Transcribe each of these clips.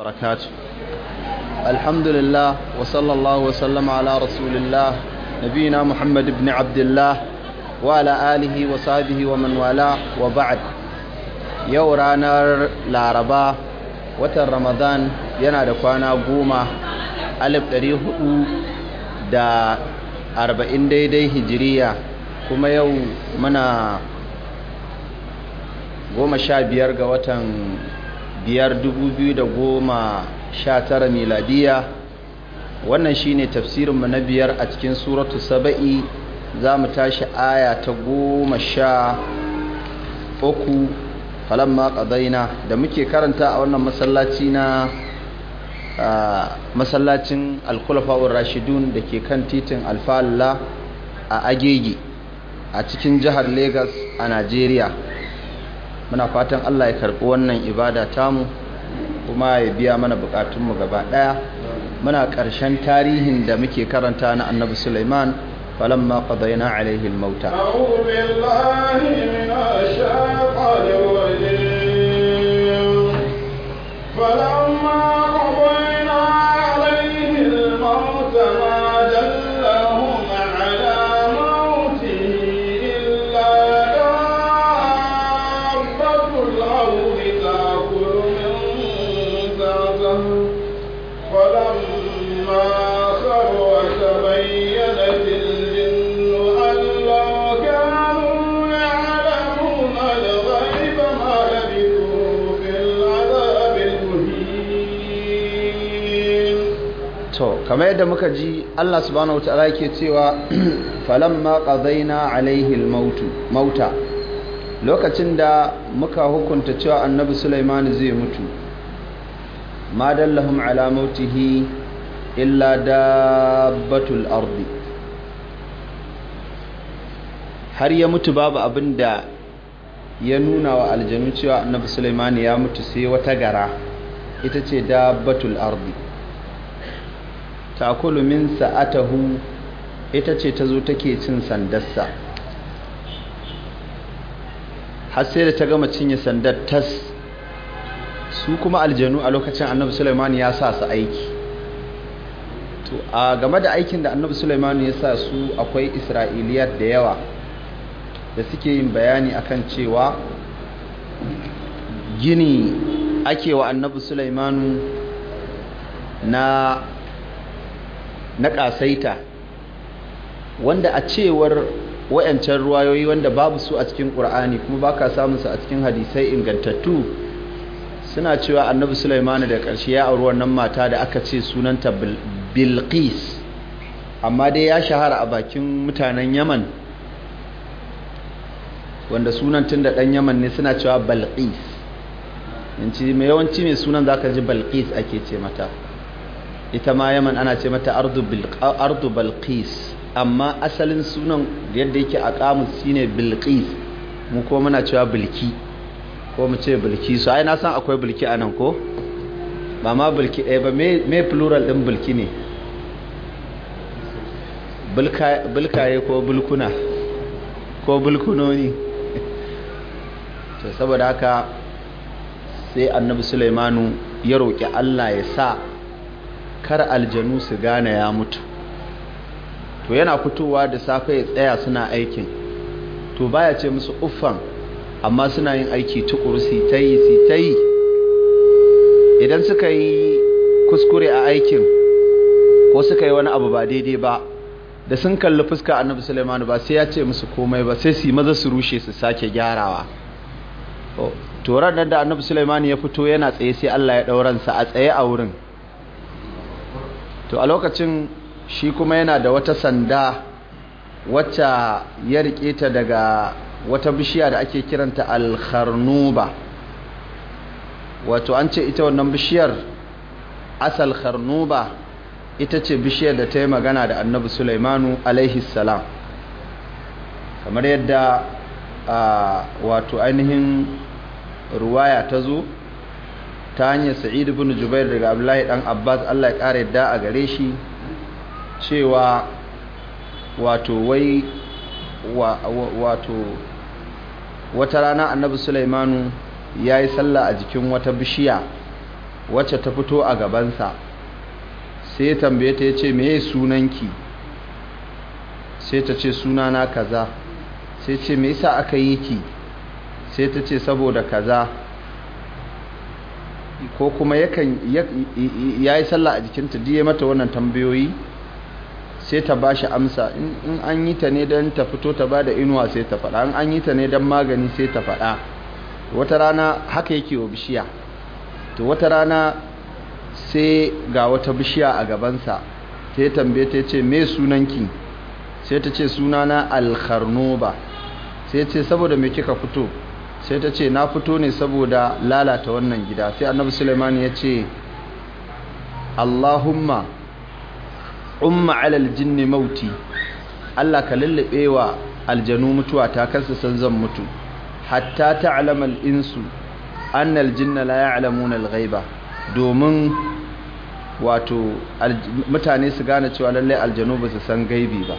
وبركاته الحمد لله وصلى الله وسلم على رسول الله نبينا wa بن عبد الله وعلى آله وصحبه ومن والاه وبعد يورانا watan ramadan yana da kwana goma alif ɗari hudu da arba'in daidai hijiriya kuma yau muna goma sha biyar ga watan biyar dubu biyu da goma sha tara miladiya wannan shine tafsirinmu na biyar a cikin suratu saba'i za mu tashi aya ta goma sha uku falamma ƙadaina da muke karanta a wannan masallaci na masallacin alkulafa'ur rashidun da ke kan titin alfalla a agege a cikin jihar Legas a najeriya muna fatan Allah ya karɓi wannan ibada tamu kuma ya biya mana bukatunmu gaba ɗaya muna ƙarshen tarihin da muke karanta na annabi Sulaiman falamma qadayna alaihi almauta a'udhu billahi minash kamar yadda muka ji Allah subhanahu ta'ala yake cewa falamma qadaina alaihi almautu mauta lokacin da muka hukunta cewa annabi Sulaiman zai mutu ma dallahum ala mautihi illa dabbatul ardi har ya mutu babu abin da ya nuna wa aljanu cewa annabi Sulaiman ya mutu sai wata gara ita ce dabbatul ardi ta'kulu min sa'atahu ita ce ta zo take cin sandarsa har sai da ta gama cinye sandar tas su kuma aljanu a lokacin annabi Sulaiman ya sa su aiki to a game da aikin da annabi Sulaiman ya sa su akwai isra'iliyat da yawa da suke yin bayani akan cewa gini ake wa annabi Sulaiman na na ƙasaita wanda a cewar wayancan ruwayoyi wanda babu su a cikin ƙur'ani kuma ba ka samun su a cikin hadisai ingantattu suna cewa annabi sulaimani da ƙarshe ya auri wannan mata da aka ce sunanta bilqis amma dai ya shahara a bakin mutanen yaman wanda sunan tun da ɗan yaman ne suna cewa balqis yanci mai yawanci mai sunan za ka ji balqis ake ce mata ita ma yaman ana ce mata ardu balqis amma asalin sunan yadda yake a kamus shine bilqis mu ko muna cewa bilki ko mu ce bilki su ai na san akwai bilki a nan ko ba ma bilki ɗaya eh, ba me plural ɗin bilki ne bilkaye ko bulkuna ko bulkunoni to saboda haka sai annabi sulaimanu ya roƙi allah ya sa kar aljanu su gane ya mutu to yana fitowa da safe ya tsaya suna aikin to baya ce musu uffan amma suna yin aiki tukuru su ta yi su ta yi idan suka yi kuskure a aikin ko suka yi wani abu ba daidai ba da sun kalli fuska annabi Sulaiman ba sai ya ce musu komai ba sai su yi maza su rushe su sake gyarawa to ran da annabi Sulaiman ya fito yana tsaye sai Allah ya ɗauransa a tsaye a wurin to a lokacin shi kuma yana da wata sanda wacce ya riƙe ta daga wata bishiya da ake kiranta alkharnuba wato an ce ita wannan bishiyar asal kharnuba ita ce bishiyar da ta yi magana da annabi sulaimanu alaihi salam kamar yadda wato ainihin ruwaya ta zo ta hanyar sa'id ibn jubair daga abdullahi ɗan abbas allah ya kare da a gare shi cewa wato wai wato wata rana annabi sulaimanu ya yi sallah a jikin wata bishiya wacce ta fito a gabansa sai ya tambaye ta ya ce me sunanki sai ta ce sunana kaza sai ce me yasa aka yi ki sai ta ce saboda kaza ko kuma yakan ya yi sallah a jikinta diye mata wannan tambayoyi sai ta bashi amsa in an yi ta ne don ta fito ta ba da inuwa sai ta faɗa in an yi ta ne don magani sai ta faɗa wata rana haka yake wa bishiya to wata rana sai ga wata bishiya a gabansa ta yi tambaye ta ce me sunanki sai ta ce sunana alkharnoba sai ce saboda me kika fito sai ta ce na fito ne saboda lalata wannan gida sai annabi suleiman ya ce allahumma umma alal jinni mauti allah ka lullube wa aljanu mutuwa ta kansa san zan mutu hatta ta'lama al-insu anna al-jinna la ya'lamuna al-ghaiba domin wato mutane su gane cewa lallai aljanu ba su san gaibi ba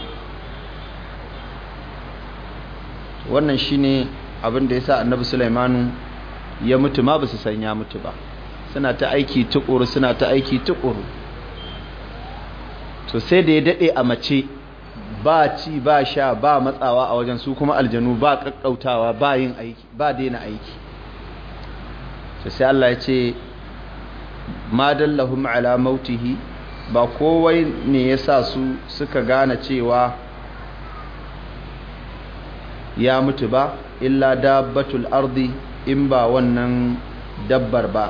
wannan shine abin da ya sa annabi sulaimanu ya mutu ma basu san ya mutu ba suna ta aiki tukuru suna ta aiki tukuru to sai da ya dade a mace ba ci ba sha ba matsawa a wajen su kuma aljanu ba kakkautawa ba yin aiki ba daina aiki to sai Allah ya ce ma dallahum ala mautihi ba kowai ne ya sa su suka gane cewa ya mutu ba illa dabbatul ardi in ba wannan dabbar ba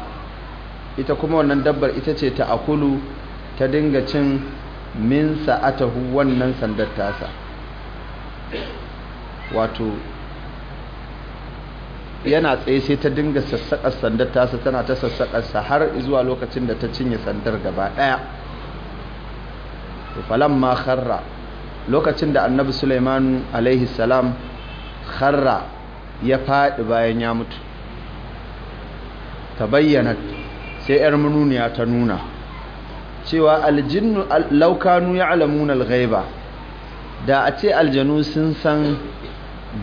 ita kuma wannan dabbar ita ce ta akulu ta dinga cin min sa'atahu wannan sandar tasa wato yana tsaye sai ta dinga sassaƙar sandar tasa tana ta sa har zuwa lokacin da ta cinye sandar gaba ɗaya falon ma kharra lokacin da annabi suleiman alaihi salam kharra ya faɗi bayan ya mutu ta bayyana sai 'yar ya ta nuna cewa aljinnu laukanu ya alamun alghaiba da a ce aljanu sun san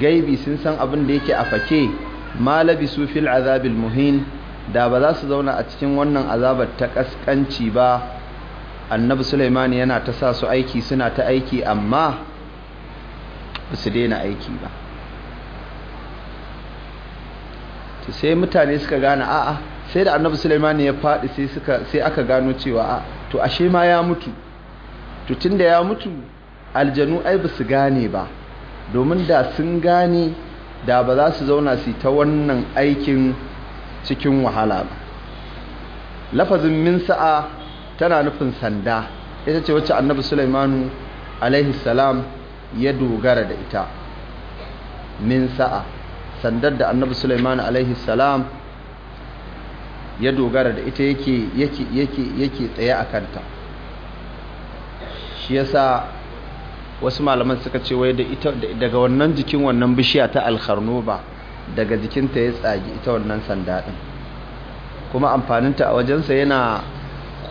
gaibi sun san abin da yake a fake malabi su fil azabil muhin da ba za su zauna a cikin wannan azabar ta kaskanci ba annabi Sulaiman yana ta sa su aiki suna ta aiki amma ba su daina aiki ba sai mutane suka gane a'a sai da annabi sulaiman ya faɗi sai aka gano cewa a to ashe ma ya mutu to tunda ya mutu aljanu ai ba su gane ba domin da sun gane da ba za su zauna su ta wannan aikin cikin wahala ba lafazin min sa'a tana nufin sanda ita ce wacce annabi sulaimanu alaihi salam ya dogara da ita min sa'a sandar da annabi Sulaiman alaihi salam ya dogara da ita yake yake yake yake tsaye a kanta shi yasa wasu malaman suka ce wai da ita daga wannan jikin wannan bishiya ta alkharnuba daga jikinta ya tsagi ita wannan sanda din kuma amfaninta a wajensa yana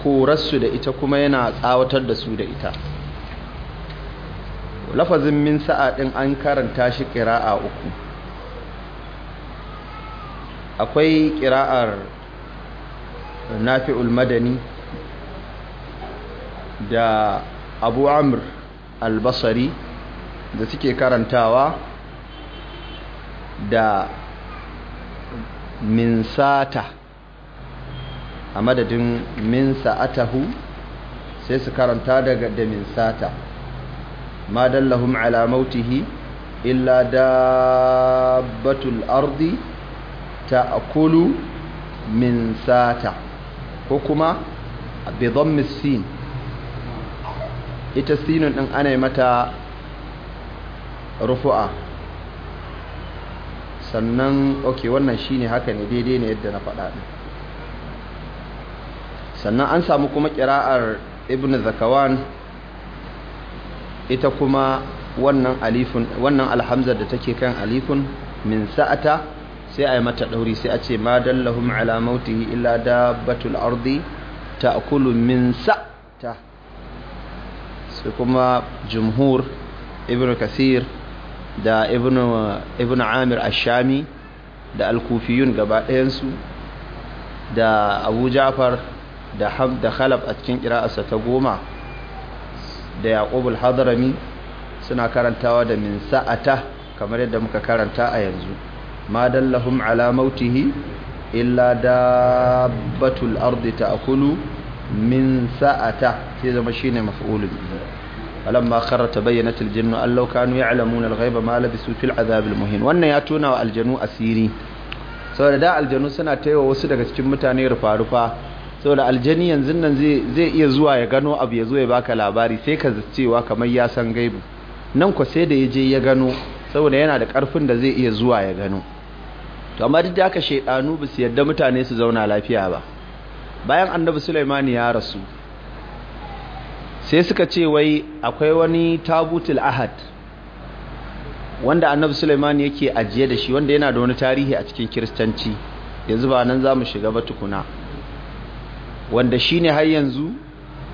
korarsu da ita kuma yana tsawatar da su da ita lafazin min sa'a din an karanta shi qira'a uku akwai ƙira'ar nafi'ul madani da abu amr albasari da suke karantawa da minsata a madadin minsa'atahu sai su karanta daga da minsata ma dallahum ala mautihi illa dabbatul ardi ta'kulu min sata ko kuma bi dhammi ita sinin din ana yi mata rufu'a sannan ok wannan ne haka ne daidai ne yadda na faɗa sannan an samu kuma kira'ar ibn zakawan ita kuma wannan alifun wannan alhamzar da take kan alifun min sa'ata sai a yi mata ɗauri sai a ce ma dallahum alamauti mautihi da batul ardi ta'kulu min ta sai kuma jumhur ibn kasir da ibn amir ashami shami da alkufiyun gaba ɗayansu da abu ja'far da halab a cikin qira'arsa ta goma da yaqub hadarami suna karantawa da min sa'ata kamar yadda muka karanta a yanzu ma dallahum ala mautihi illa dabbatul ardi ta'kulu min sa'ata sai zama shine maf'ulun alamma ta bayyana aljannu an law kanu ya'lamuna alghayba ma labisu fil azab muhim wannan ya tona wa aljanu asiri saboda da aljanu suna ta taiwa wasu daga cikin mutane rufa rufa saboda aljani yanzun nan zai iya zuwa ya gano abu ya zo ya baka labari sai ka zacewa kamar yasan gaibu nan ko sai da ya je ya gano saboda yana da karfin da zai iya zuwa ya gano to amma duk da aka shaidanu ba su yadda mutane su zauna lafiya ba bayan annabi sulaimani ya rasu sai suka ce wai akwai wani tabutul ahad wanda annabi sulaimani yake ajiye da shi wanda yana da wani tarihi a cikin kiristanci yanzu ba nan za mu shiga ba tukuna wanda shi ne har yanzu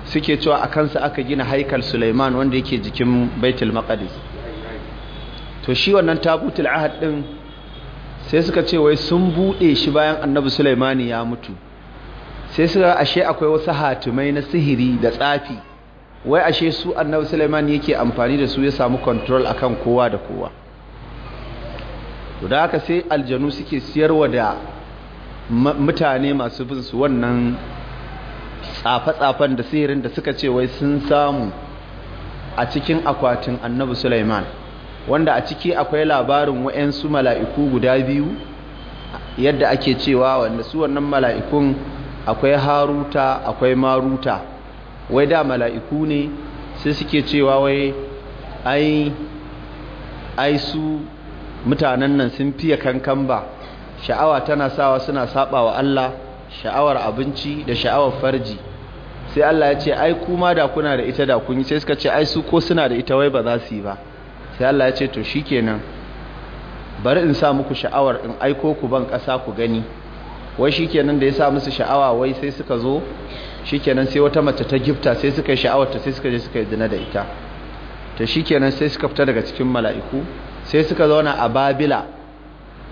suke cewa a kansa aka gina haikal Sulaiman wanda yake jikin Baitul Maqdis to shi wannan tabutul ahad din sai suka ce wai sun buɗe shi bayan annabi sulaimani ya mutu sai suka ashe akwai wasu hatimai na sihiri da tsafi wai ashe su annabi sulaimani yake amfani da su ya samu control akan kowa da kowa Guda da haka sai aljanu suke siyarwa da mutane masu bin su wannan tsafe-tsafen da sihirin da suka ce wai sun samu a cikin akwatin annabi Sulaiman wanda a ciki akwai labarin wa'yansu mala'iku guda biyu yadda ake cewa wanda su wannan mala'ikun akwai haruta akwai maruta wai da mala'iku ne sai suke cewa wai ai su mutanen nan sun fiye kankan ba sha'awa tana sawa suna saba wa Allah sha'awar abinci da sha'awar farji sai Allah ya ce ai kuma da kuna da ita da kun yi sai suka ce ai su ko suna da ita wai ba za su yi ba sai Allah ya ce to shikenan bari in sa muku sha'awar in aiko ku ban ƙasa ku gani wai shikenan da ya sa musu sha'awa wai sai suka zo shikenan sai wata mace ta gifta sai suka yi sha'awar ta sai suka je suka yi da ita ta shikenan sai suka fita daga cikin mala'iku sai suka zauna a babila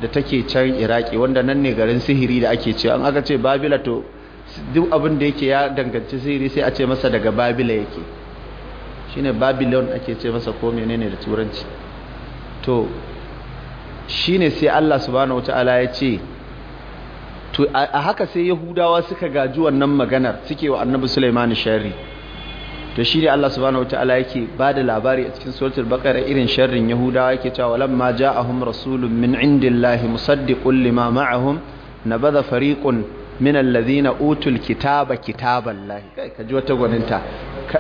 da take can iraki wanda nan ne garin sihiri da ake cewa an aka ce babila to duk abin da yake ya danganci sihiri sai a ce masa daga babila yake shine babylon ake ce masa ko menene da turanci to shine sai Allah subhanahu wataala ya ce to a haka sai yahudawa suka gaji wannan maganar suke wa annabi Sulaiman sharri to shine Allah subhanahu wataala yake bada labari a cikin suratul baqara irin sharrin yahudawa yake cewa lamma ja'ahum rasulun min indillahi musaddiqun lima ma'ahum Nabada, fariqun min allazina utul kitaba kitaballahi kai ka ji wata gwaninta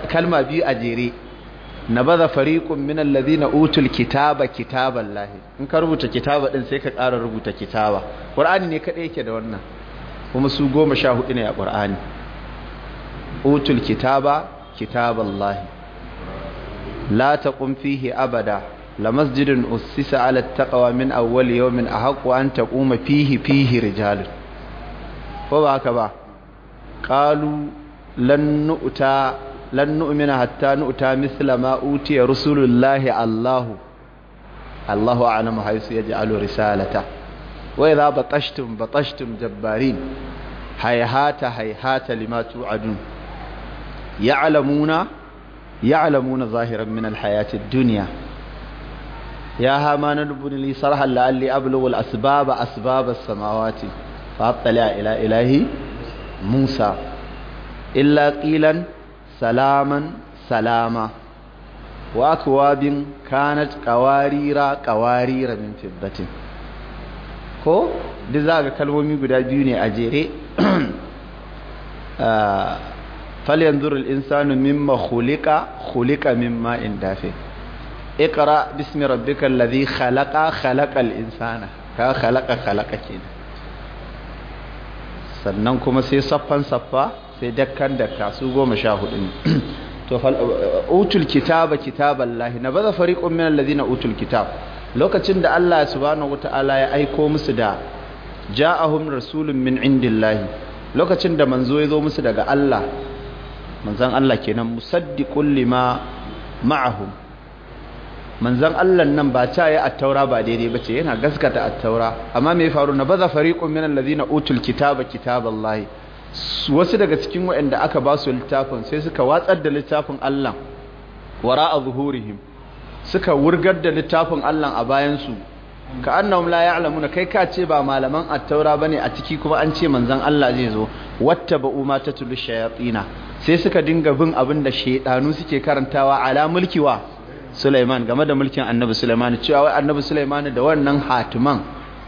kalma biyu a jere nabadha fariqun min allazina utul kitaba kitaballahi in ka rubuta kitaba din sai ka ƙara rubuta kitaba qur'ani ne kadai yake da wannan kuma su goma sha hudu ne a qur'ani utul kitaba kitaballahi la taqum fihi abada La lamasjidun ussisa ala taqwa min awwal yawmin ahqqu an taquma fihi fihi rijalun ko ba haka ba qalu lan nu'ta lan nu'mina hatta nu'ta mithla ma utiya rusulullahi Allahu Allahu a'lamu haythu yaj'alu risalata wa idha batashtum batashtum jabbarin hayhata hayhata lima tu'adun ya'lamuna ya'lamuna zahiran min alhayati ad-dunya ya hamana lubuni li sarhan la'alli ablughu asbaba asbaba samawati fattala ila ilahi musa illa qilan salaman salama wa akwabin kanat qawarira qawarira min fiddatin ko duk za ga kalmomi guda biyu ne a jere falyanzur al-insanu mimma khuliqa khuliqa mimma in dafi اقرأ باسم ربك الذي al insana ka كخلق خلق كده sannan kuma sai saffan saffa sai dakkan dakka su goma sha hudu ne to uh, uh, utul kitaba kitaballahi na baza fariqun min allazina utul kitab lokacin da Allah ya subhanahu wataala ya aiko musu da ja'ahum rasulun min indillahi lokacin da manzo ya zo musu daga Allah manzan Allah kenan musaddiqul lima ma'ahum manzan Allah nan ba ta yi attaura ba daidai ba ce yana gaskata attaura amma mai faru na baza fariqun min allazina utul kitaba kitaballahi wasu daga cikin waanda aka ba su littafin sai suka watsar da littafin Allah wara'a zuhurihim suka wurgar da littafin Allah a bayan su ka annahum ya ya'lamuna kai ka ce ba malaman attaura bane a ciki kuma an ce manzan Allah zai zo wattaba'u ma tatlu shayatina sai suka dinga bin abin da shaydanu suke karantawa ala mulkiwa Sulaiman game da mulkin annabi Sulaiman cewa wai annabi Sulaiman da wannan hatiman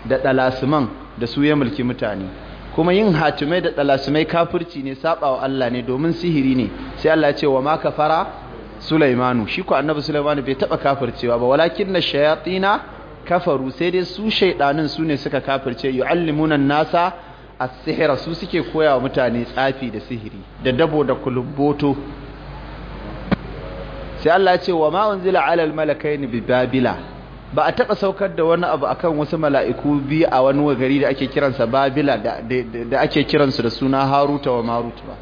da dalasuman da su ya mulki mutane kuma yin hatimai da dalasumai kafirci ne sabawa Allah ne domin sihiri ne sai Allah ya ce wa ma kafara Sulaimanu shi ko annabi sulaiman bai taba kafircewa ba walakin na shayatina kafaru sai dai su shaydanin su ne suka kafirce yu'allimuna nasa as-sihra su suke koyawa mutane tsafi da sihiri da dabo da kulubboto sai Allah ya ce wa ma unzila alal malakaini bi babila ba a taba saukar da wani abu akan wasu mala'iku bi a wani gari da ake kiransa babila da ake kiransu da suna haruta wa marut ba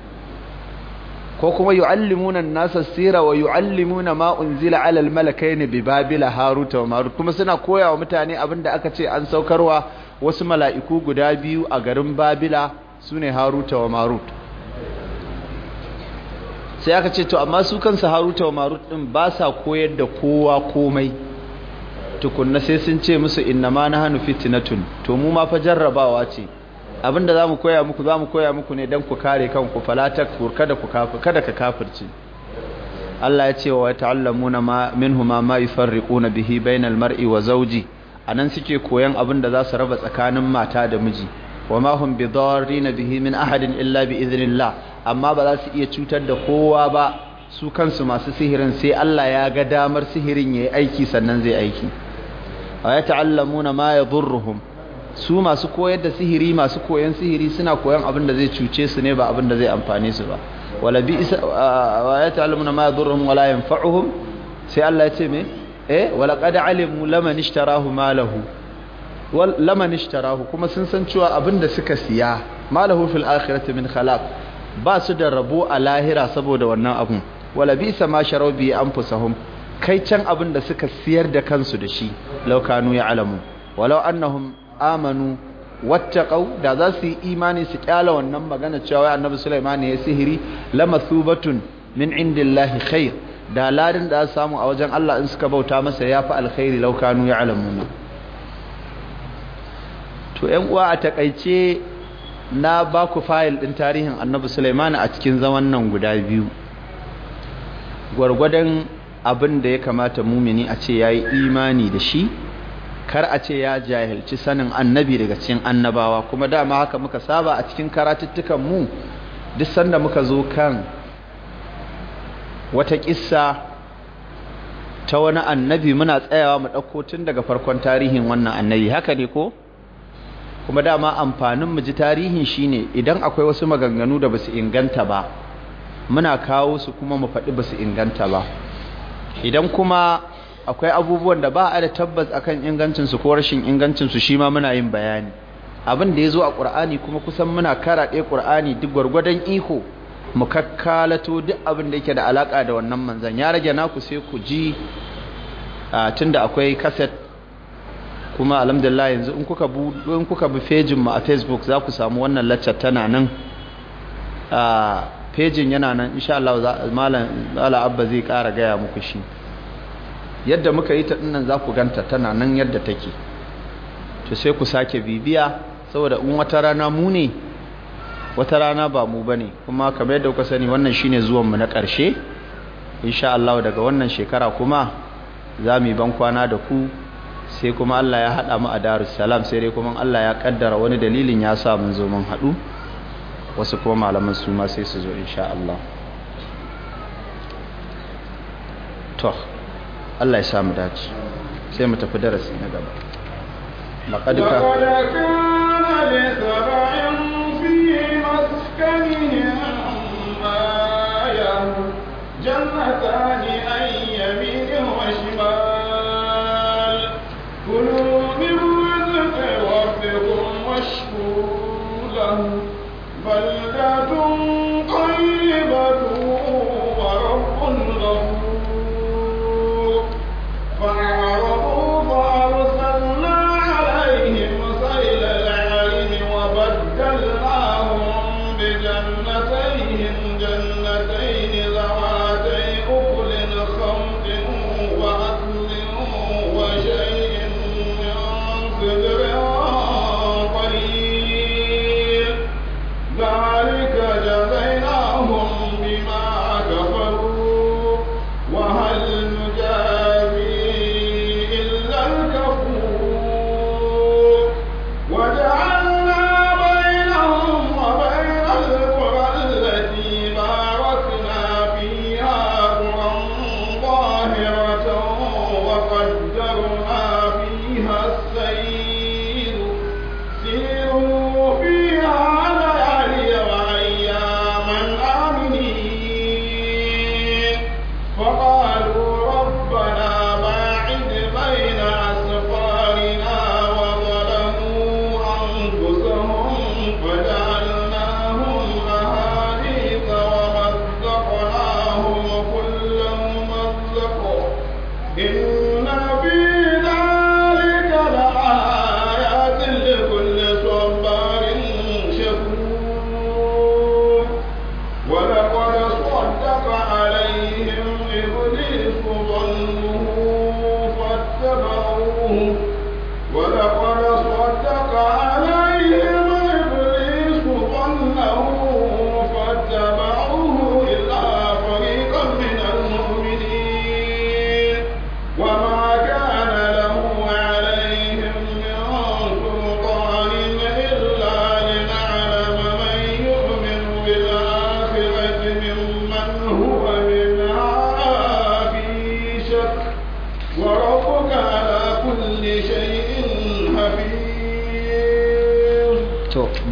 ko kuma yu'allimuna an-nasa sirra wa yu'allimuna ma unzila alal malakaini bi babila haruta wa marut kuma suna koya wa mutane abinda aka ce an saukarwa wasu mala'iku guda biyu a garin babila sune haruta wa marut sai aka ce to amma su kansu haruta wa marut din ba sa koyar da kowa komai tukunna sai sun ce musu na hannu fitinatun to mu ma fa jarrabawa ce abinda mu koya muku mu koya muku ne don ku kare kanku fala takfur kada ku kafir kada ka kafirci Allah ya ce wa ta'allamuna ma minhuma ma na bihi bainal mar'i wa a anan suke koyan abinda za su raba tsakanin mata da miji wa ma hum bidarrina bihi min ahadin illa bi idhnillah amma ba za su iya cutar da kowa ba su kansu masu sihirin sai Allah ya ga damar sihirin yayi aiki sannan zai aiki wa yata'allamuna ma yadurruhum su masu koyar da sihiri masu koyan sihiri suna koyan abin da zai cuce su ne ba abin da zai amfane su ba wala bi isa wa yata'allamuna ma yadurruhum wala yanfa'uhum sai Allah ya ce me eh wala qad alimu laman ishtarahu ma lahu laman ishtarahu kuma sun san cewa abinda suka siya malahu fil akhirati min khalaq ba su da rabo a lahira saboda wannan abun wala bisa ma sharaw anfusahum kai can abinda suka siyar da kansu da shi law kanu ya'lamu walau annahum amanu wattaqau da za su yi imani su kyala wannan magana cewa annabi Sulaiman ya sihiri lamathubatun min indillahi khair da ladin da samu a wajen Allah in suka bauta masa yafi alkhairi law kanu ya'lamuna to yan uwa a takaice na ba ku fayil ɗin tarihin annabi Sulaiman a cikin zaman nan guda biyu gwargwadon abin da ya kamata mumini a ce ya yi imani da shi kar a ce ya jahilci sanin annabi daga cikin annabawa kuma dama haka muka saba a cikin karatuttukan mu duk sanda muka zo kan wata kissa ta wani annabi muna tsayawa mu ɗauko tun daga farkon tarihin wannan annabi haka ne ko kuma dama amfanin mu ji tarihin shine idan akwai wasu maganganu da basu inganta ba muna kawo su kuma mu faɗi basu inganta ba idan kuma akwai abubuwan da ba a da tabbas akan ingancin su ko rashin ingancin su shi ma muna yin bayani abin da ya zo a qur'ani kuma kusan muna karaɗe qur'ani duk gwargwadon iko mu kakkalato duk abin da yake da alaka da wannan manzan ya rage naku sai ku ji tunda akwai kaset kuma alhamdulillah yanzu in kuka bu kuka bi page mu a Facebook za ku samu wannan lecture tana nan a page yana nan insha Allah malam Abba zai ƙara gaya muku shi yadda muka yi ta dinnan za ku ganta tana nan yadda take to sai ku sake bibiya saboda in wata rana mu ne wata rana ba mu bane kuma kamar yadda kuka sani wannan shine zuwan mu na ƙarshe insha Allah daga wannan shekara kuma za mu yi ban kwana da ku sai kuma Allah ya haɗa mu a dar-u-salam sai dai kuma Allah ya kaddara wani dalilin ya sa mun zo mun haɗu wasu kuma malaman su ma sai su zo insha Allah to Allah ya sa mu dace sai mu tafi darasi na gaba laqad ka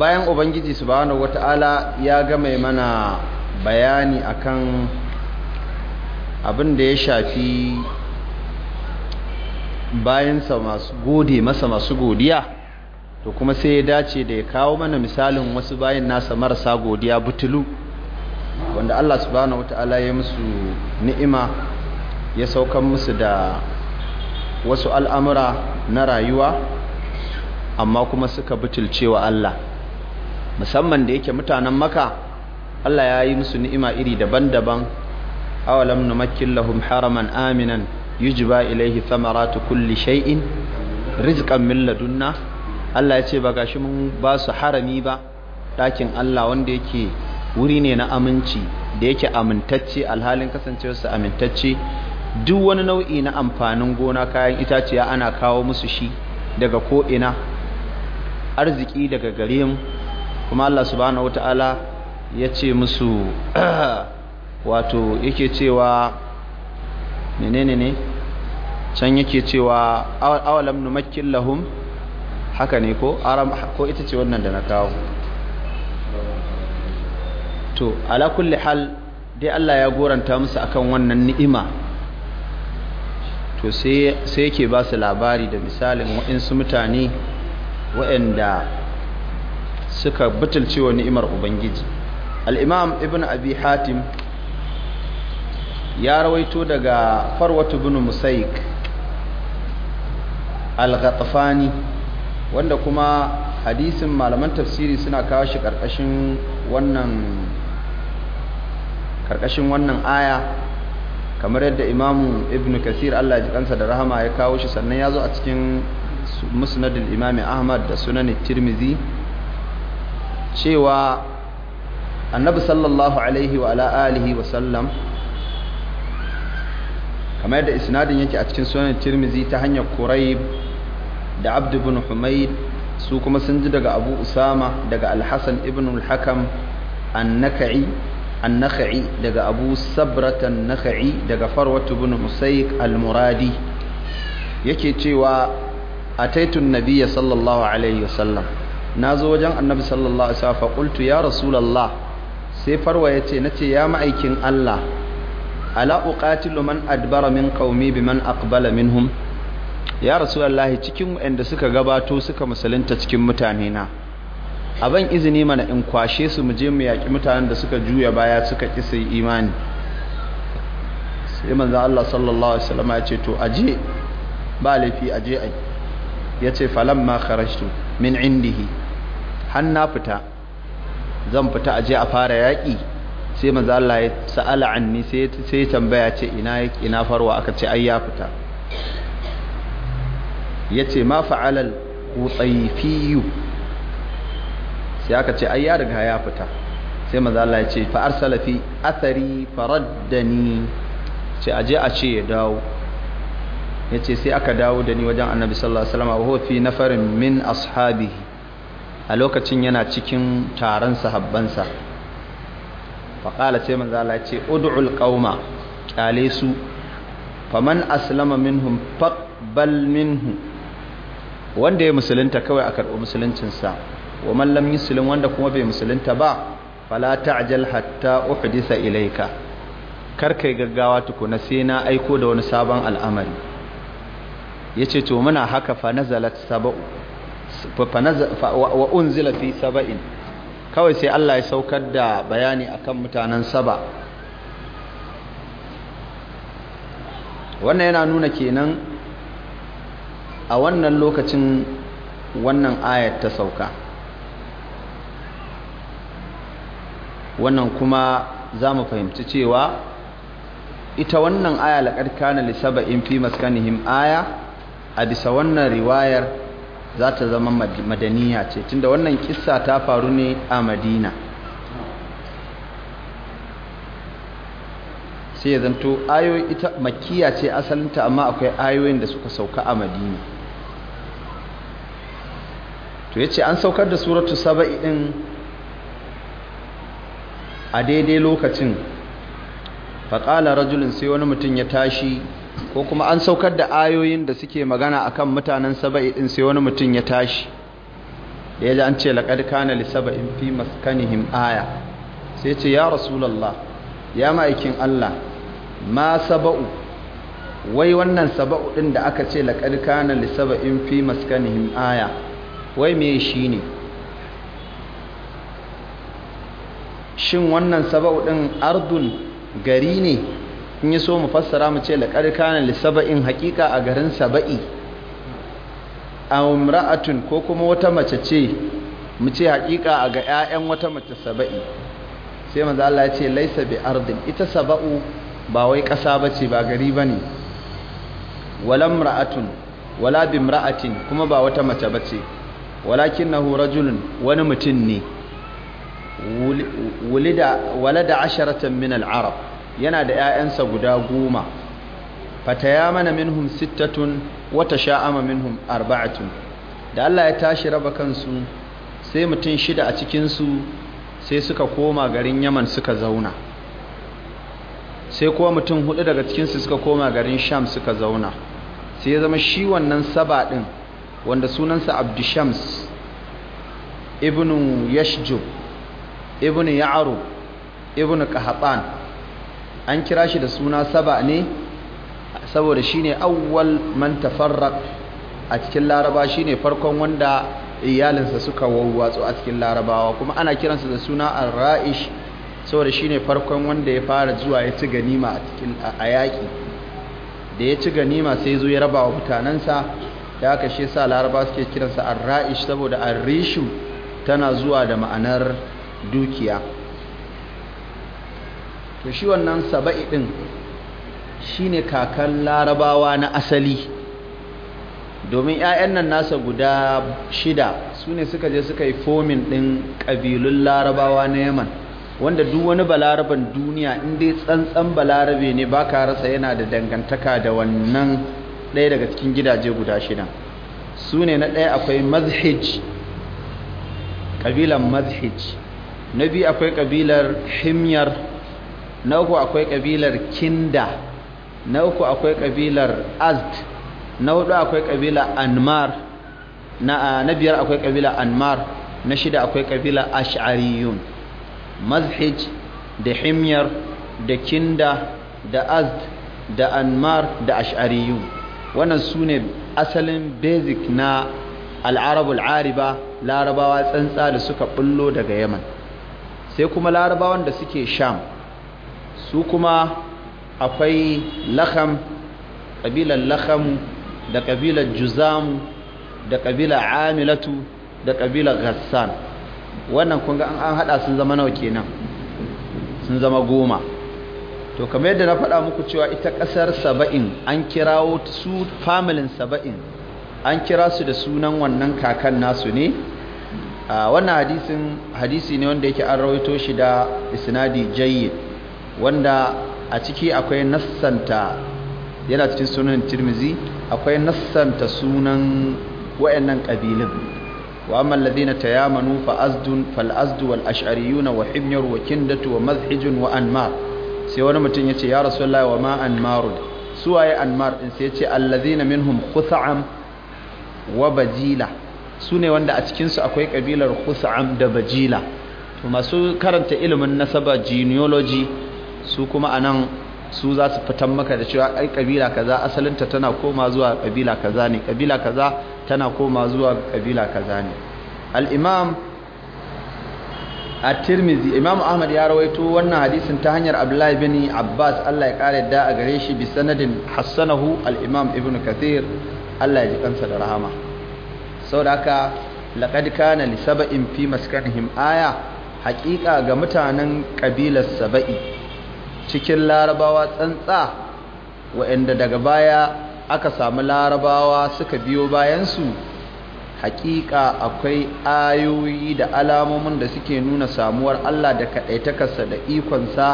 bayan ubangiji subhanahu wata'ala ya mai mana bayani akan abin da ya shafi bayansa masu gode masa masu godiya to kuma sai ya dace da ya kawo mana misalin wasu bayan nasa marasa godiya butulu wanda Allah subhanahu wata'ala ya musu ni'ima ya saukan musu da wasu al'amura na rayuwa amma kuma suka butulcewa Allah musamman da yake mutanen maka Allah ya yi musu ni'ima iri daban-daban awalam numakkin lahum haraman aminan yujba ilaihi thamaratu kulli shay'in rizqan min ladunna Allah ya ce ba gashi mun ba su harami ba ɗakin Allah wanda yake wuri ne na aminci da yake amintacce alhalin su amintacce duk wani nau'i na amfanin gona kayan itaciya ana kawo musu shi daga ko'ina arziki daga gare mu kuma Allah subhanahu wataala ya ce musu wato yake cewa menene ne can yake cewa awalam numakkin lahum haka ne ko ko ita ce wannan da na kawo to ala kulli hal dai Allah ya goranta musu akan wannan ni'ima to sai yake ba su labari da misalin su mutane waɗanda suka wa ni'imar ubangiji al-imam ibn abi hatim ya rawaito daga farwatu bin Musaik al wanda kuma hadisin malaman tafsiri suna kawo shi karkashin wannan karkashin wannan aya kamar yadda imamu ibn kasir Allah ya kansa da rahama ya kawo shi sannan ya zo a cikin musnadin imami ahmad da sunan tirmizi cewa annabi sallallahu alaihi wa ala'alihi sallam kamar yadda isnadin yake a cikin sunan tirmizi ta hanyar kurayb da abdubin humaid su kuma sun ji daga abu usama daga alhassan ibn al-hakam annaka'i annaka'i daga abu sabratan naka'i daga farwatu ibn musayk al-muradi yake cewa a taitun nabiya sallallahu alaihi wa na zo wajen annabi sallallahu alaihi wasallam qultu ya rasulullah sai farwa yace nace ya ma'aikin Allah ala uqatilu man adbara min qaumi biman aqbala minhum ya rasulullah cikin wanda suka gabato suka musulunta cikin mutane na aban izini mana in kwashe su mu je mu yaki mutanen da suka juya baya suka ki sai imani sai manzo Allah sallallahu alaihi wasallam ya ce to aje ba laifi aje ai yace falamma kharajtu min indihi hanna na fita zan fita aje a fara yaƙi sai manzo Allah ya sa'ala anni sai sai tambaya ce ina ina farwa aka ce ai ya fita yace ma fa'alal al sai aka ce ai ya riga ya fita sai manzo Allah ya ce fa arsala fi athari faraddani ce aje a ce ya dawo yace sai aka dawo da ni wajen annabi sallallahu alaihi wasallam wa huwa fi nafarin min ashabihi a lokacin yana cikin taron sahabbansa faƙala sai manzo Allah ya ce ud'ul qauma kyale su faman aslama minhum faqbal minhu wanda ya musulunta kawai a karɓi musuluncinsa wa man lam yuslim wanda kuma bai musulunta ba fala ta'jal hatta uhdisa ilayka kar kai gaggawa tukuna sai na aiko da wani sabon al'amari yace to muna haka fa nazalat sab'u wa unzila fi saba'in kawai sai Allah ya saukar da bayani akan mutanen saba wannan yana nuna kenan a wannan lokacin wannan ayat ta sauka wannan kuma za mu fahimci cewa ita wannan aya laƙar kana li saba'in fi maskanihim aya a bisa wannan riwayar za ta zama madaniya ce tunda wannan kissa ta faru ne a madina sai ya zanto ayoyi ita makiya ce asalinta amma akwai ayoyin da suka sauka a madina to ya ce an saukar da suratu saba'i ɗin a daidai lokacin faƙala rajulun sai wani mutum ya tashi ko kuma an saukar da ayoyin da suke magana akan mutanen saba'i din sai wani mutum ya tashi da ya ji an ce laƙar kana li saba'in fi maskanihim aya sai ce ya rasulallah ya ma'aikin Allah ma saba'u wai wannan saba'u din da aka ce laƙar kana li saba'in fi maskanihim aya wai me shi ne? shin wannan saba'u din ardun gari ne in yi so mu fassara mu ce laƙar kanan lissaba'in haƙiƙa a garin saba'i a umra'atun ko kuma wata mace ce mu ce haƙiƙa a ga 'ya'yan wata mace saba'i sai maza Allah ya ce laisa bi ardin ita saba'u ba wai ƙasa ba ce ba gari ba ne wala mra'atun wala bi mra'atin kuma ba wata mace ba ce walakin na rajulun wani mutum ne walada ashiratan min al'arab yana da 'ya'yansa guda goma fataya mana minhum sittatun wata sha'ama minhum arba'atun da Allah ya tashi raba kansu sai mutum shida a cikinsu sai suka koma garin yaman suka zauna sai kuma mutum hudu daga cikinsu suka koma garin sham suka zauna sai ya zama shi wannan sabaɗin wanda sunansa abdushams Ibn yashjub Ibn ya'aru Ibn qahatan an kira shi da suna saba ne saboda shine awwal man tafarraq a cikin laraba shine farkon wanda iyalinsa suka wawwatsu a cikin larabawa kuma ana kiransa da suna al raish saboda shine farkon wanda ya fara zuwa ya ci ganima a cikin da ya ci ganima sai zo ya raba wa mutanansa da aka shi sa laraba suke kiransa al raish saboda al rishu tana zuwa da ma'anar dukiya to shi wannan saba'i ɗin shine ne kakan larabawa na asali domin 'ya'yan nan nasa guda shida su ne suka je suka yi fomin ɗin ƙabilun larabawa na yaman wanda duk wani balaraban duniya in dai tsantsan balarabe ne ba ka rasa yana da dangantaka da wannan ɗaya daga cikin gidaje guda shida su ne na ɗaya akwai mazhij ƙabilan mazhij na biyu akwai ƙabilar himyar na uku akwai kabilar kinda na uku akwai kabilar azd na hudu akwai kabila anmar na biyar akwai kabila anmar na shida akwai kabila ash'ariyun mazhij da himyar da kinda da azd da anmar da ash'ariyun wannan sune asalin basic na al'arabul ariba larabawa tsantsa da suka bullo daga yaman sai kuma larabawan da suke sham su kuma akwai lakam ƙabilar lakam da ƙabilar juzam da ƙabilar amilatu da ƙabilar ghassan wannan kunga an haɗa sun zama nawa kenan sun zama goma to kamar yadda na faɗa muku cewa ita ƙasar saba'in an kirawo su familin saba'in an kira su da sunan wannan kakan nasu ne wannan hadisin hadisi ne wanda yake an rawaito shi da isnadi jayyid wanda a ciki akwai nassanta yana cikin sunan tirmizi akwai nassanta sunan wa'annan ƙabilun wa amman ladina tayamanu fa azdun fal azdu wal ash'ariyun wa himyar wa kindatu wa mazhijun wa anmar sai wani mutum yace ya rasulullahi wa ma anmar suwaye anmar din sai yace alladhina minhum khusam wa bajila sune wanda a cikin su akwai kabilar khusam da bajila to masu karanta ilimin nasaba genealogy su kuma a nan su za su fitan maka da cewa ai kabila kaza asalinta tana koma zuwa kabila kaza ne kabila kaza tana koma zuwa kabila kaza ne al-imam at-tirmidhi imam ahmad ya rawaito wannan hadisin ta hanyar abdullahi bin abbas Allah ya kare da a gare shi bi sanadin hassanahu al-imam ibn kathir Allah ya ji kansa da rahama saboda haka laqad kana li sab'in fi maskanihim aya haqiqa ga mutanen kabilar sab'i cikin larabawa tsantsa waɗanda daga baya aka samu larabawa suka biyo bayansu hakika akwai ayoyi da alamomin da suke nuna samuwar Allah da kaɗaitakarsa da ikonsa